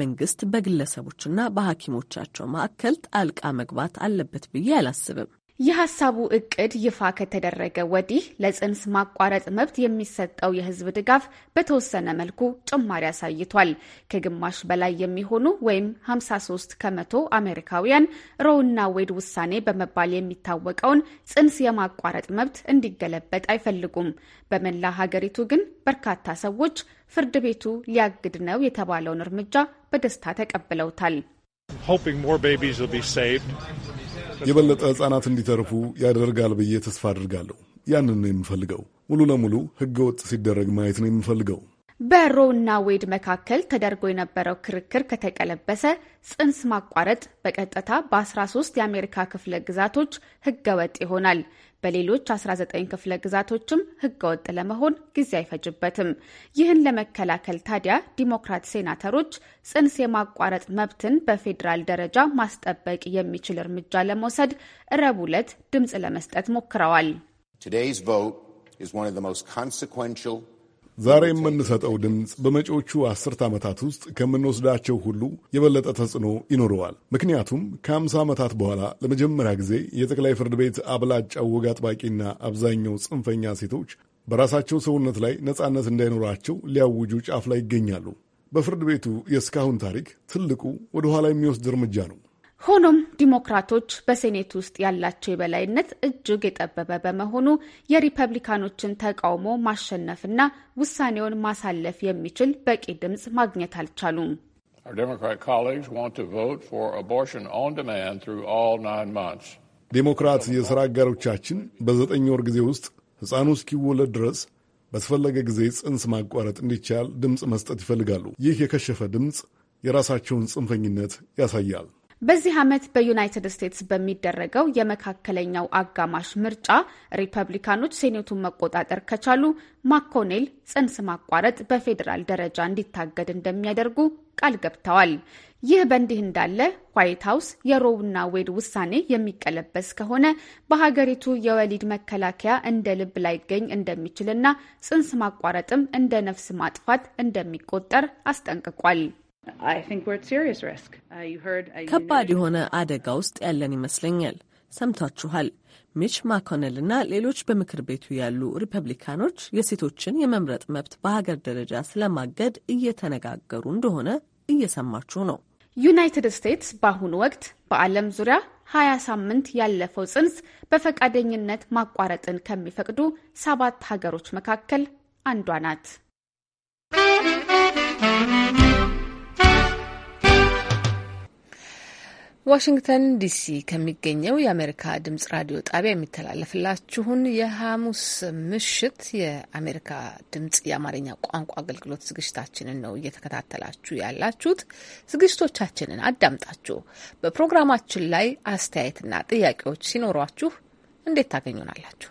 Speaker 2: መንግስት በግለሰቦችና በሐኪሞቻቸው ማዕከል ጣልቃ መግባት አለበት ብዬ አላስብም።
Speaker 12: የሀሳቡ እቅድ ይፋ ከተደረገ ወዲህ ለጽንስ ማቋረጥ መብት የሚሰጠው የህዝብ ድጋፍ በተወሰነ መልኩ ጭማሪ አሳይቷል። ከግማሽ በላይ የሚሆኑ ወይም 53 ከመቶ አሜሪካውያን ሮውና ዌድ ውሳኔ በመባል የሚታወቀውን ጽንስ የማቋረጥ መብት እንዲገለበጥ አይፈልጉም። በመላ ሀገሪቱ ግን በርካታ ሰዎች ፍርድ ቤቱ ሊያግድ ነው የተባለውን እርምጃ በደስታ ተቀብለውታል።
Speaker 13: የበለጠ ሕጻናት እንዲተርፉ ያደርጋል ብዬ ተስፋ አድርጋለሁ። ያንን ነው የምፈልገው። ሙሉ ለሙሉ ሕገ ወጥ ሲደረግ ማየት ነው የምፈልገው።
Speaker 12: በሮ እና ዌድ መካከል ተደርጎ የነበረው ክርክር ከተቀለበሰ ጽንስ ማቋረጥ በቀጥታ በ13 የአሜሪካ ክፍለ ግዛቶች ወጥ ይሆናል። በሌሎች 19 ክፍለ ግዛቶችም ህገወጥ ለመሆን ጊዜ አይፈጅበትም። ይህን ለመከላከል ታዲያ ዲሞክራት ሴናተሮች ጽንስ የማቋረጥ መብትን በፌዴራል ደረጃ ማስጠበቅ የሚችል እርምጃ ለመውሰድ ረቡዕ ዕለት ድምፅ ለመስጠት ሞክረዋል።
Speaker 13: ዛሬ የምንሰጠው ድምፅ በመጪዎቹ አስርት ዓመታት ውስጥ ከምንወስዳቸው ሁሉ የበለጠ ተጽዕኖ ይኖረዋል። ምክንያቱም ከአምሳ ዓመታት በኋላ ለመጀመሪያ ጊዜ የጠቅላይ ፍርድ ቤት አብላጫው ወግ አጥባቂና አብዛኛው ጽንፈኛ ሴቶች በራሳቸው ሰውነት ላይ ነጻነት እንዳይኖራቸው ሊያውጁ ጫፍ ላይ ይገኛሉ። በፍርድ ቤቱ የእስካሁን ታሪክ ትልቁ ወደኋላ የሚወስድ እርምጃ ነው።
Speaker 12: ሆኖም ዲሞክራቶች በሴኔት ውስጥ ያላቸው የበላይነት እጅግ የጠበበ በመሆኑ የሪፐብሊካኖችን ተቃውሞ ማሸነፍና ውሳኔውን ማሳለፍ የሚችል በቂ ድምፅ ማግኘት አልቻሉም።
Speaker 13: ዴሞክራት የሥራ አጋሮቻችን በዘጠኝ ወር ጊዜ ውስጥ ሕፃኑ እስኪወለድ ድረስ በተፈለገ ጊዜ ጽንስ ማቋረጥ እንዲቻል ድምፅ መስጠት ይፈልጋሉ። ይህ የከሸፈ ድምፅ የራሳቸውን ጽንፈኝነት ያሳያል።
Speaker 12: በዚህ ዓመት በዩናይትድ ስቴትስ በሚደረገው የመካከለኛው አጋማሽ ምርጫ ሪፐብሊካኖች ሴኔቱን መቆጣጠር ከቻሉ ማኮኔል ጽንስ ማቋረጥ በፌዴራል ደረጃ እንዲታገድ እንደሚያደርጉ ቃል ገብተዋል። ይህ በእንዲህ እንዳለ ዋይት ሀውስ የሮውና ዌድ ውሳኔ የሚቀለበስ ከሆነ በሀገሪቱ የወሊድ መከላከያ እንደ ልብ ላይገኝ እንደሚችልና ጽንስ ማቋረጥም እንደ ነፍስ ማጥፋት እንደሚቆጠር አስጠንቅቋል። Uh, uh, ከባድ
Speaker 2: የሆነ አደጋ ውስጥ ያለን ይመስለኛል። ሰምታችኋል። ሚች ማኮነል እና ሌሎች በምክር ቤቱ ያሉ ሪፐብሊካኖች የሴቶችን የመምረጥ መብት በሀገር ደረጃ ስለማገድ
Speaker 1: እየተነጋገሩ እንደሆነ እየሰማችሁ ነው። ዩናይትድ ስቴትስ በአሁኑ ወቅት በዓለም
Speaker 12: ዙሪያ ሀያ ሳምንት ያለፈው ጽንስ በፈቃደኝነት ማቋረጥን ከሚፈቅዱ ሰባት ሀገሮች መካከል አንዷ ናት።
Speaker 1: ዋሽንግተን ዲሲ ከሚገኘው የአሜሪካ ድምጽ ራዲዮ ጣቢያ የሚተላለፍላችሁን የሐሙስ ምሽት የአሜሪካ ድምጽ የአማርኛ ቋንቋ አገልግሎት ዝግጅታችንን ነው እየተከታተላችሁ ያላችሁት። ዝግጅቶቻችንን አዳምጣችሁ በፕሮግራማችን ላይ አስተያየትና ጥያቄዎች ሲኖሯችሁ እንዴት ታገኙናላችሁ?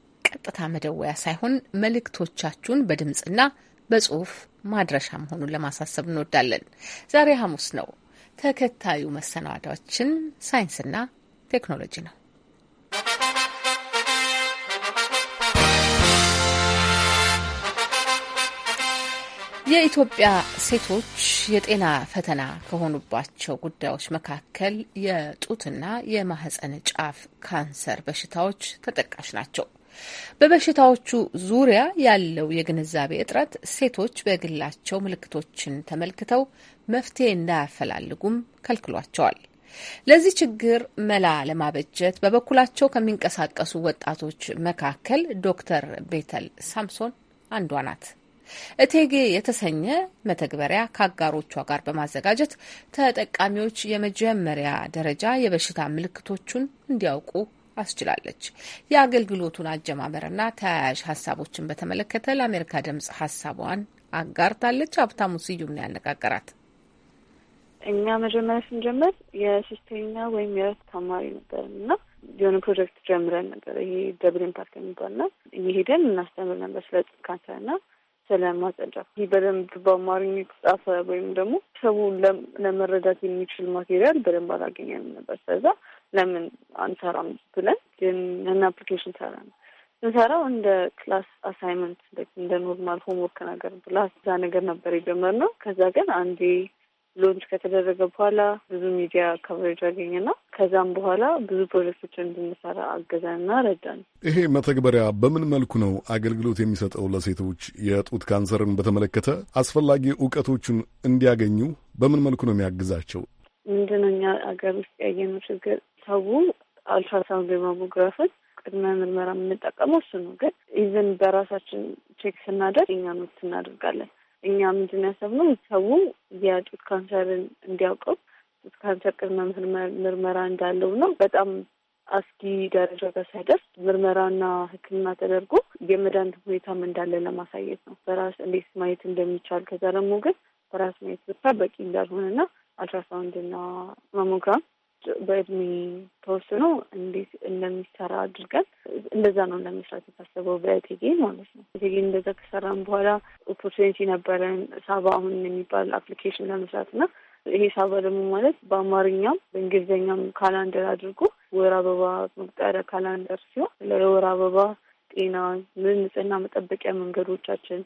Speaker 1: በቀጥታ መደወያ ሳይሆን መልእክቶቻችሁን በድምፅና በጽሁፍ ማድረሻ መሆኑን ለማሳሰብ እንወዳለን። ዛሬ ሐሙስ ነው። ተከታዩ መሰናዷችን ሳይንስና ቴክኖሎጂ ነው። የኢትዮጵያ ሴቶች የጤና ፈተና ከሆኑባቸው ጉዳዮች መካከል የጡትና የማህፀን ጫፍ ካንሰር በሽታዎች ተጠቃሽ ናቸው። በበሽታዎቹ ዙሪያ ያለው የግንዛቤ እጥረት ሴቶች በግላቸው ምልክቶችን ተመልክተው መፍትሄ እንዳያፈላልጉም ከልክሏቸዋል። ለዚህ ችግር መላ ለማበጀት በበኩላቸው ከሚንቀሳቀሱ ወጣቶች መካከል ዶክተር ቤተል ሳምሶን አንዷ ናት። እቴጌ የተሰኘ መተግበሪያ ከአጋሮቿ ጋር በማዘጋጀት ተጠቃሚዎች የመጀመሪያ ደረጃ የበሽታ ምልክቶቹን እንዲያውቁ አስችላለች። የአገልግሎቱን አጀማመርና ተያያዥ ሀሳቦችን በተመለከተ ለአሜሪካ ድምጽ ሀሳቧን አጋርታለች። ሀብታሙ ስዩም ነው ያነጋገራት።
Speaker 10: እኛ መጀመሪያ ስንጀምር የሶስተኛ ወይም የረት ተማሪ ነበር እና የሆነ ፕሮጀክት ጀምረን ነበር። ይሄ ደብል ኢምፓክት የሚባል ነው። እየሄደን እናስተምር ነበር ስለ ጽንስ ካንሰርና ስለ ማጸጫ። ይህ በደንብ በአማርኛ የተጻፈ ወይም ደግሞ ሰው ለመረዳት የሚችል ማቴሪያል በደንብ አላገኘንም ነበር። ስለዛ ለምን አንሰራም ብለን ግን ያን አፕሊኬሽን ሰራ ነው ስንሰራው እንደ ክላስ አሳይመንት እንደ ኖርማል ሆምወርክ ነገር ብላ እዛ ነገር ነበር የጀመርነው። ከዛ ግን አንዴ ሎንች ከተደረገ በኋላ ብዙ ሚዲያ ካቨሬጅ አገኘና ከዛም በኋላ ብዙ ፕሮጀክቶች እንድንሰራ አገዘንና ረዳን።
Speaker 13: ይሄ መተግበሪያ በምን መልኩ ነው አገልግሎት የሚሰጠው? ለሴቶች የጡት ካንሰርን በተመለከተ አስፈላጊ እውቀቶቹን እንዲያገኙ በምን መልኩ ነው የሚያግዛቸው?
Speaker 10: ምንድን እኛ አገር ውስጥ ያየነው ችግር ሰው አልትራሳውንድ ማሞግራፍን ቅድመ ምርመራ የምንጠቀመው እሱ ነው። ግን ይዘን በራሳችን ቼክ ስናደርግ እኛ ኖት እናደርጋለን። እኛ ምንድን ያሰብነው ሰው የጡት ካንሰርን እንዲያውቀው ጡት ካንሰር ቅድመ ምርመራ እንዳለው ነው። በጣም አስጊ ደረጃ ጋር ሳይደርስ ምርመራና ሕክምና ተደርጎ የመዳን ሁኔታም እንዳለ ለማሳየት ነው። በራስ እንዴት ማየት እንደሚቻል ከዛ ደግሞ ግን በራስ ማየት ብቻ በቂ እንዳልሆነና አልትራሳውንድና ማሞግራም በእድሜ ተወስኖ እንዴት እንደሚሰራ አድርገን እንደዛ ነው እንደመስራት የታሰበው በእቴጌ ማለት ነው። እቴጌ እንደዛ ከሰራን በኋላ ኦፖርቹኒቲ ነበረን ሳባ አሁን የሚባል አፕሊኬሽን ለመስራት እና ይሄ ሳባ ደግሞ ማለት በአማርኛም በእንግሊዝኛም ካላንደር አድርጎ ወር አበባ መቁጠሪያ ካላንደር ሲሆን ለወር አበባ ጤና፣ ምን ንጽህና መጠበቂያ መንገዶቻችን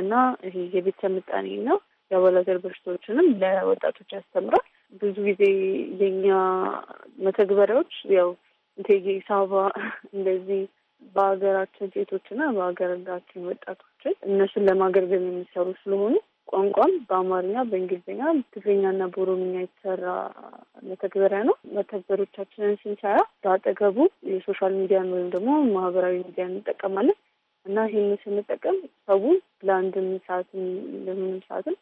Speaker 10: እና ይሄ የቤተሰብ ነው የአባላዘር በሽታዎችንም ለወጣቶች ያስተምራል። ብዙ ጊዜ የኛ መተግበሪያዎች ያው እቴጌ ሳባ እንደዚህ በሀገራችን ሴቶችና በሀገራችን ወጣቶችን እነሱን ለማገልገል የሚሰሩ ስለሆኑ ቋንቋም በአማርኛ፣ በእንግሊዝኛ፣ ትግርኛና በኦሮምኛ የተሰራ መተግበሪያ ነው። መተግበሮቻችንን ስንሰራ በአጠገቡ የሶሻል ሚዲያን ወይም ደግሞ ማህበራዊ ሚዲያ እንጠቀማለን እና ይህንን ስንጠቀም ሰው ለአንድም ሰዓትም ለምንም ሰዓትም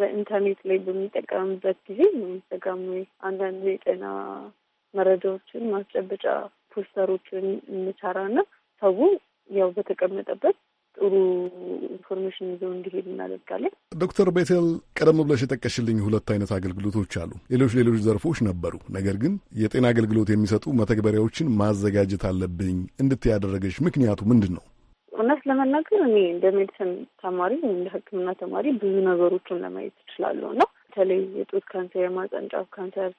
Speaker 10: በኢንተርኔት ላይ በሚጠቀምበት ጊዜ ኢንስታግራም አንዳንድ የጤና መረጃዎችን ማስጨበጫ ፖስተሮችን እንሰራና ሰው ያው በተቀመጠበት ጥሩ ኢንፎርሜሽን ይዘው እንዲሄድ እናደርጋለን።
Speaker 13: ዶክተር ቤቴል ቀደም ብለሽ የጠቀሽልኝ ሁለት አይነት አገልግሎቶች አሉ። ሌሎች ሌሎች ዘርፎች ነበሩ። ነገር ግን የጤና አገልግሎት የሚሰጡ መተግበሪያዎችን ማዘጋጀት አለብኝ እንድት ያደረገች ምክንያቱ ምንድን ነው?
Speaker 10: ለመናገር እኔ እንደ ሜዲሲን ተማሪ ወይም እንደ ሕክምና ተማሪ ብዙ ነገሮችን ለማየት እችላለሁ እና በተለይ የጡት ካንሰር፣ የማህጸን ጫፍ ካንሰር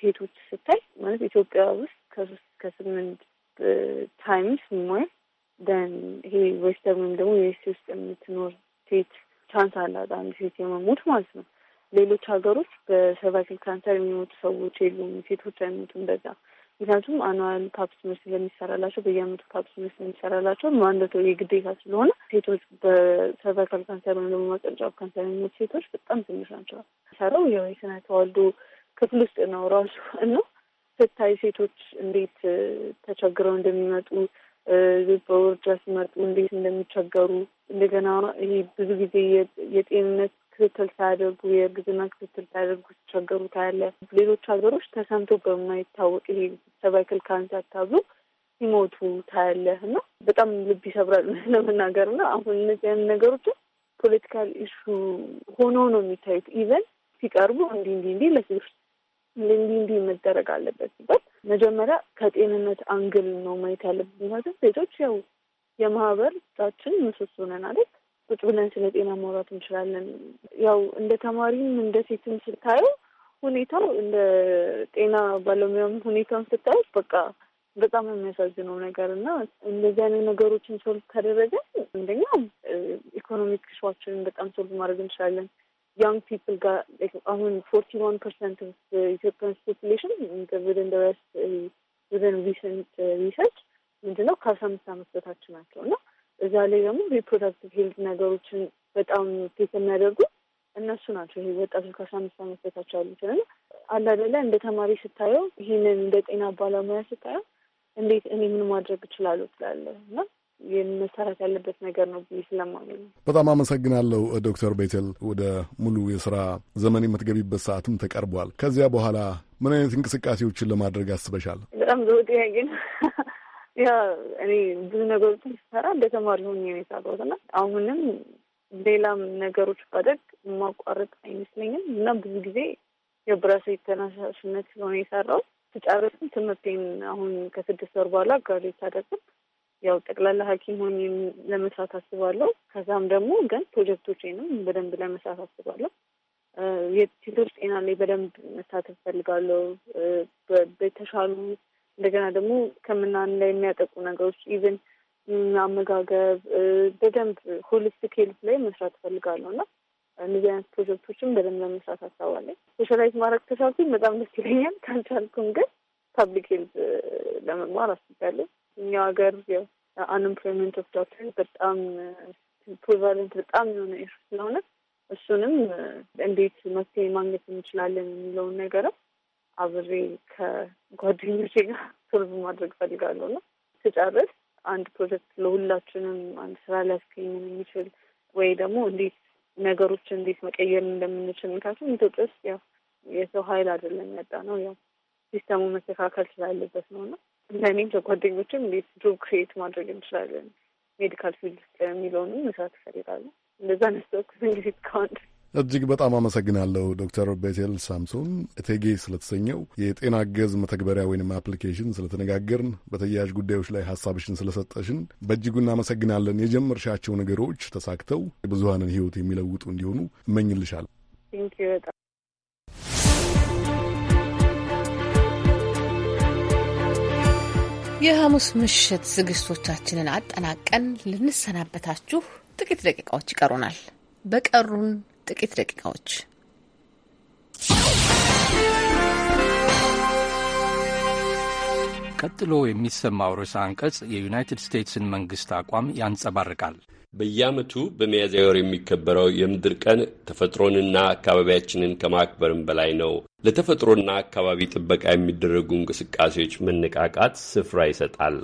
Speaker 10: ሴቶች ስታይ ማለት ኢትዮጵያ ውስጥ ከሶስት ከስምንት ታይምስ ሞር ደን ይሄ ዌስተርን ወይም ደግሞ የስ ውስጥ የምትኖር ሴት ቻንስ አላት አንድ ሴት የመሞት ማለት ነው። ሌሎች ሀገሮች በሰርቫይክል ካንሰር የሚሞቱ ሰዎች የሉም፣ ሴቶች አይሞቱም በዛ ምክንያቱም አኑዋል ፓፕ ስሜር ስለሚሰራላቸው በየአመቱ ፓፕ ስሜር ስለሚሰራላቸው ማንደቶ የግዴታ ስለሆነ ሴቶች በሰርቫይካል ካንሰር ወይም ደግሞ ማጸጫው ካንሰር የሚሞት ሴቶች በጣም ትንሽ ናቸው። ሰራው ያው የስነ ተዋልዶ ክፍል ውስጥ ነው ራሱ እና ስታይ ሴቶች እንዴት ተቸግረው እንደሚመጡ በውርጃ ሲመጡ እንዴት እንደሚቸገሩ እንደገና ይሄ ብዙ ጊዜ የጤንነት ክትትል ሳያደርጉ የእርግዝና ክትትል ሳያደርጉ ሲቸገሩ ታያለ። ሌሎች ሀገሮች ተሰምቶ በማይታወቅ ይሄ ሰርቫይክል ካንሰር ተብሎ ሲሞቱ ታያለ እና በጣም ልብ ይሰብራል ለመናገር እና አሁን እነዚያን ነገሮች ፖለቲካል ኢሹ ሆኖ ነው የሚታዩት። ኢቨን ሲቀርቡ እንዲህ እንዲህ እንዲህ ለሴቶች እንዲህ እንዲህ መደረግ አለበት ሲባል መጀመሪያ ከጤንነት አንግል ነው ማየት ያለብን። ምክንያቱም ሴቶች ያው የማህበረሰባችን ምሰሶ ነን አይደል? ቁጭ ብለን ስለ ጤና ማውራት እንችላለን። ያው እንደ ተማሪም እንደ ሴትም ስታየው ሁኔታው እንደ ጤና ባለሙያም ሁኔታውን ስታየው በቃ በጣም የሚያሳዝነው ነገር እና እንደዚህ አይነት ነገሮችን ሶልቭ ካደረገ አንደኛ ኢኮኖሚክ ክሽዋችንን በጣም ሶልቭ ማድረግ እንችላለን። ያንግ ፒፕል ጋር አሁን ፎርቲ ዋን ፐርሰንት ኢትዮጵያን ፖፑሌሽን ወደን ደረስ ሪሰንት ሪሰርች ምንድነው ከአስራ አምስት አመት በታች ናቸው እና እዛ ላይ ደግሞ ሪፕሮዳክቲቭ ሄልት ነገሮችን በጣም ቴት የሚያደርጉ እነሱ ናቸው። ይሄ ወጣቶች ከአስራ አምስት ዓመት በታች ያሉት ነው። አለ እንደ ተማሪ ስታየው ይህንን እንደ ጤና ባለሙያ ስታየው እንዴት እኔ ምን ማድረግ እችላለሁ ትላለህ እና መሰራት ያለበት ነገር ነው ብዬ ስለማምኑ
Speaker 13: በጣም አመሰግናለሁ ዶክተር ቤቴል ወደ ሙሉ የስራ ዘመን የምትገቢበት ሰዓትም ተቀርቧል። ከዚያ በኋላ ምን አይነት እንቅስቃሴዎችን ለማድረግ አስበሻል?
Speaker 10: በጣም ጥሩ ጥያቄ ያ እኔ ብዙ ነገሮችን ስሰራ እንደ ተማሪ ሆኜ ነው የሰራሁት እና አሁንም ሌላም ነገሮች ባደግ የማቋረጥ አይመስለኝም እና ብዙ ጊዜ የብራሴ ተነሳሽነት ስለሆነ የሰራው ስጨርስም ትምህርቴን አሁን ከስድስት ወር በኋላ ግራጁዌት አደርግም ያው ጠቅላላ ሐኪም ሆኜ ለመስራት አስባለሁ። ከዛም ደግሞ ግን ፕሮጀክቶቼንም በደንብ ለመስራት አስባለሁ። የሴቶች ጤና ላይ በደንብ መሳተፍ ፈልጋለሁ። በተሻሉ እንደገና ደግሞ ከምናን ላይ የሚያጠቁ ነገሮች ኢቨን አመጋገብ በደንብ ሆሊስቲክ ሄልት ላይ መስራት እፈልጋለሁ እና እነዚህ አይነት ፕሮጀክቶችን በደንብ ለመስራት አሳባለኝ። ሶሻላይት ማድረግ ተቻልኩኝ በጣም ደስ ይለኛል። ካልቻልኩም ግን ፐብሊክ ሄልት ለመማር አስቤያለሁ። እኛ ሀገር አንኤምፕሎይመንት ኦፍ ዶክተር በጣም ፕሪቫለንት በጣም የሆነ ስለሆነ እሱንም እንዴት መፍትሄ ማግኘት እንችላለን የሚለውን ነገርም አብሬ ከጓደኞቼ ጋር ሶልቭ ማድረግ ፈልጋለሁ እና ስጨርስ አንድ ፕሮጀክት ለሁላችንም አንድ ስራ ሊያስገኝን የሚችል ወይ ደግሞ እንዴት ነገሮችን እንዴት መቀየር እንደምንችል ምክንያቱም ኢትዮጵያ ውስጥ ያው የሰው ኃይል አይደለም ያጣ ነው ያው ሲስተሙ መስተካከል ስላለበት ነው እና ለእኔም ለጓደኞችም እንዴት ጆብ ክሬት ማድረግ እንችላለን ሜዲካል ፊልድ ውስጥ የሚለውንም መስራት ይፈልጋሉ። እንደዛ ነስተወቅስ እንግዲህ እስካሁን
Speaker 13: እጅግ በጣም አመሰግናለሁ ዶክተር ቤቴል ሳምሶን እቴጌ ስለተሰኘው የጤና ገዝ መተግበሪያ ወይንም አፕሊኬሽን ስለተነጋገርን፣ በተያያዥ ጉዳዮች ላይ ሀሳብሽን ስለሰጠሽን በእጅጉ እናመሰግናለን። የጀመርሻቸው ነገሮች ተሳክተው የብዙሀንን ህይወት የሚለውጡ እንዲሆኑ እመኝልሻል።
Speaker 1: የሐሙስ ምሽት ዝግጅቶቻችንን አጠናቀን ልንሰናበታችሁ ጥቂት ደቂቃዎች ይቀሩናል። በቀሩን ጥቂት ደቂቃዎች
Speaker 7: ቀጥሎ የሚሰማው ርዕሰ አንቀጽ የዩናይትድ ስቴትስን መንግስት አቋም ያንጸባርቃል።
Speaker 14: በየዓመቱ በሚያዝያ ወር የሚከበረው የምድር ቀን ተፈጥሮንና አካባቢያችንን ከማክበርም በላይ ነው። ለተፈጥሮና አካባቢ ጥበቃ የሚደረጉ እንቅስቃሴዎች መነቃቃት ስፍራ ይሰጣል።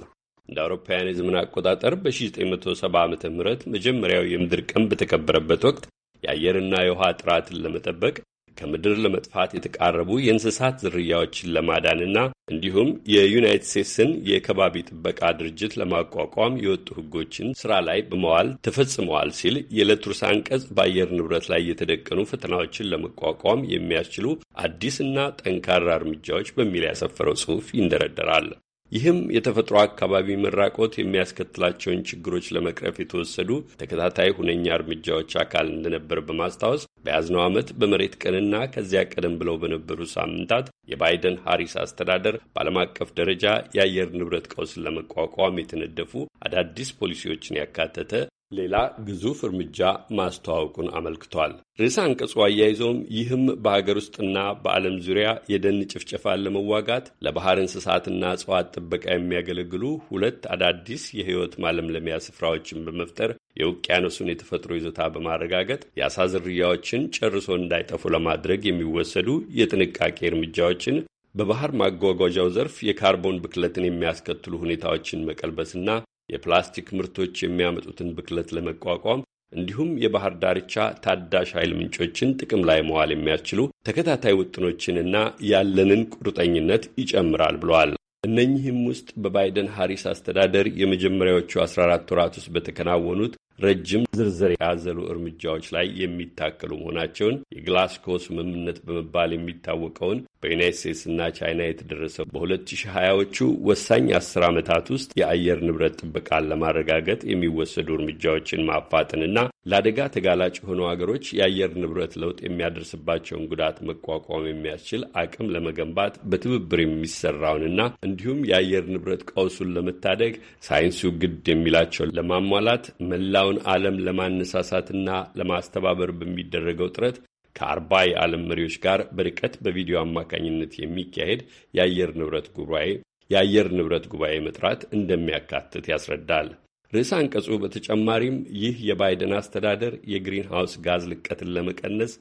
Speaker 14: እንደ አውሮፓውያን የዘመን አቆጣጠር በ1970 ዓ ም መጀመሪያው የምድር ቀን በተከበረበት ወቅት የአየርና የውሃ ጥራትን ለመጠበቅ ከምድር ለመጥፋት የተቃረቡ የእንስሳት ዝርያዎችን ለማዳንና እንዲሁም የዩናይትድ ስቴትስን የከባቢ ጥበቃ ድርጅት ለማቋቋም የወጡ ሕጎችን ስራ ላይ በመዋል ተፈጽመዋል ሲል የዕለት ርዕሰ አንቀጽ በአየር ንብረት ላይ የተደቀኑ ፈተናዎችን ለመቋቋም የሚያስችሉ አዲስና ጠንካራ እርምጃዎች በሚል ያሰፈረው ጽሑፍ ይንደረደራል። ይህም የተፈጥሮ አካባቢ መራቆት የሚያስከትላቸውን ችግሮች ለመቅረፍ የተወሰዱ ተከታታይ ሁነኛ እርምጃዎች አካል እንደነበር በማስታወስ በያዝነው ዓመት በመሬት ቀንና ከዚያ ቀደም ብለው በነበሩ ሳምንታት የባይደን ሀሪስ አስተዳደር በዓለም አቀፍ ደረጃ የአየር ንብረት ቀውስን ለመቋቋም የተነደፉ አዳዲስ ፖሊሲዎችን ያካተተ ሌላ ግዙፍ እርምጃ ማስተዋወቁን አመልክቷል። ርዕሰ አንቀጹ አያይዘውም ይህም በሀገር ውስጥና በዓለም ዙሪያ የደን ጭፍጨፋን ለመዋጋት ለባህር እንስሳትና እጽዋት ጥበቃ የሚያገለግሉ ሁለት አዳዲስ የሕይወት ማለምለሚያ ስፍራዎችን በመፍጠር የውቅያኖሱን የተፈጥሮ ይዞታ በማረጋገጥ የአሳ ዝርያዎችን ጨርሶ እንዳይጠፉ ለማድረግ የሚወሰዱ የጥንቃቄ እርምጃዎችን በባህር ማጓጓዣው ዘርፍ የካርቦን ብክለትን የሚያስከትሉ ሁኔታዎችን መቀልበስና የፕላስቲክ ምርቶች የሚያመጡትን ብክለት ለመቋቋም እንዲሁም የባህር ዳርቻ ታዳሽ ኃይል ምንጮችን ጥቅም ላይ መዋል የሚያስችሉ ተከታታይ ውጥኖችንና ያለንን ቁርጠኝነት ይጨምራል ብለዋል። እነኚህም ውስጥ በባይደን ሐሪስ አስተዳደር የመጀመሪያዎቹ 14 ወራት ውስጥ በተከናወኑት ረጅም ዝርዝር ያዘሉ እርምጃዎች ላይ የሚታከሉ መሆናቸውን የግላስኮ ስምምነት በመባል የሚታወቀውን በዩናይት ስቴትስና ቻይና የተደረሰው በ2020ዎቹ ወሳኝ አስር ዓመታት ውስጥ የአየር ንብረት ጥበቃን ለማረጋገጥ የሚወሰዱ እርምጃዎችን ማፋጠንና ለአደጋ ተጋላጭ የሆኑ አገሮች የአየር ንብረት ለውጥ የሚያደርስባቸውን ጉዳት መቋቋም የሚያስችል አቅም ለመገንባት በትብብር የሚሰራውንና እንዲሁም የአየር ንብረት ቀውሱን ለመታደግ ሳይንሱ ግድ የሚላቸውን ለማሟላት መላውን ዓለም ለማነሳሳትና ለማስተባበር በሚደረገው ጥረት ከአርባ የዓለም መሪዎች ጋር በርቀት በቪዲዮ አማካኝነት የሚካሄድ የአየር ንብረት ጉባኤ የአየር ንብረት ጉባኤ መጥራት እንደሚያካትት ያስረዳል። ርዕሰ አንቀጹ በተጨማሪም ይህ የባይደን አስተዳደር የግሪን ሃውስ ጋዝ ልቀትን ለመቀነስ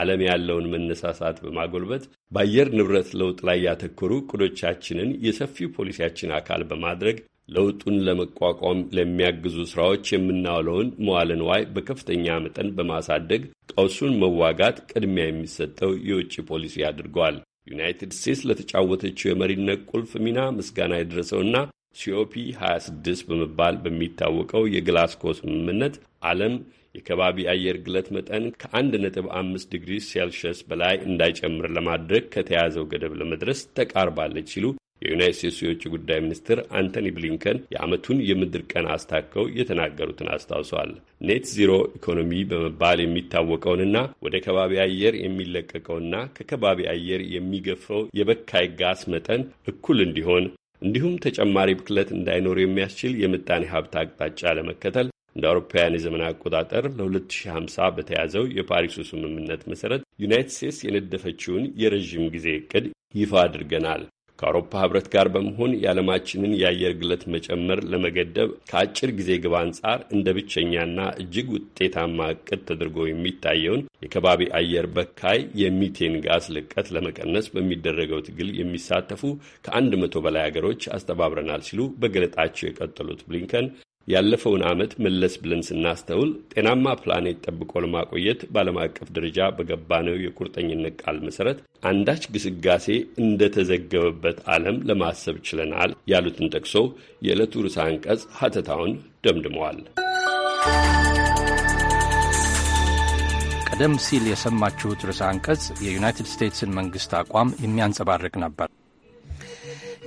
Speaker 14: ዓለም ያለውን መነሳሳት በማጎልበት በአየር ንብረት ለውጥ ላይ ያተኮሩ እቅዶቻችንን የሰፊው ፖሊሲያችን አካል በማድረግ ለውጡን ለመቋቋም ለሚያግዙ ስራዎች የምናውለውን መዋለ ንዋይ በከፍተኛ መጠን በማሳደግ ቀውሱን መዋጋት ቅድሚያ የሚሰጠው የውጭ ፖሊሲ አድርጓል። ዩናይትድ ስቴትስ ለተጫወተችው የመሪነት ቁልፍ ሚና ምስጋና የደረሰውና ሲኦፒ 26 በመባል በሚታወቀው የግላስኮ ስምምነት ዓለም የከባቢ አየር ግለት መጠን ከ1.5 ዲግሪ ሴልሽስ በላይ እንዳይጨምር ለማድረግ ከተያዘው ገደብ ለመድረስ ተቃርባለች ሲሉ የዩናይት ስቴትስ የውጭ ጉዳይ ሚኒስትር አንቶኒ ብሊንከን የዓመቱን የምድር ቀን አስታከው የተናገሩትን አስታውሰዋል። ኔት ዚሮ ኢኮኖሚ በመባል የሚታወቀውንና ወደ ከባቢ አየር የሚለቀቀውና ከከባቢ አየር የሚገፈው የበካይ ጋስ መጠን እኩል እንዲሆን እንዲሁም ተጨማሪ ብክለት እንዳይኖር የሚያስችል የምጣኔ ሀብት አቅጣጫ ለመከተል እንደ አውሮፓውያን የዘመን አቆጣጠር ለ2050 በተያዘው የፓሪሱ ስምምነት መሠረት ዩናይትድ ስቴትስ የነደፈችውን የረዥም ጊዜ እቅድ ይፋ አድርገናል ከአውሮፓ ህብረት ጋር በመሆን የዓለማችንን የአየር ግለት መጨመር ለመገደብ ከአጭር ጊዜ ግብ አንጻር እንደ ብቸኛና እጅግ ውጤታማ እቅድ ተደርጎ የሚታየውን የከባቢ አየር በካይ የሚቴን ጋዝ ልቀት ለመቀነስ በሚደረገው ትግል የሚሳተፉ ከአንድ መቶ በላይ ሀገሮች አስተባብረናል ሲሉ በገለጣቸው የቀጠሉት ብሊንከን ያለፈውን ዓመት መለስ ብለን ስናስተውል ጤናማ ፕላኔት ጠብቆ ለማቆየት በዓለም አቀፍ ደረጃ በገባነው የቁርጠኝነት ቃል መሠረት አንዳች ግስጋሴ እንደተዘገበበት ዓለም ለማሰብ ችለናል ያሉትን ጠቅሶ የዕለቱ ርዕሰ አንቀጽ ሀተታውን ደምድመዋል። ቀደም ሲል የሰማችሁት ርዕሰ አንቀጽ
Speaker 7: የዩናይትድ ስቴትስን መንግስት አቋም የሚያንጸባርቅ ነበር።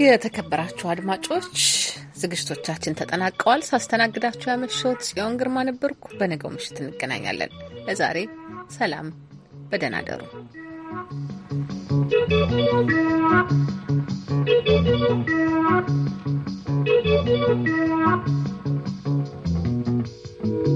Speaker 1: የተከበራችሁ አድማጮች ዝግጅቶቻችን ተጠናቀዋል። ሳስተናግዳችሁ ያመሸሁት ጽዮን ግርማ ነበርኩ። በነገው ምሽት እንገናኛለን። ለዛሬ ሰላም፣ በደህና ደሩ።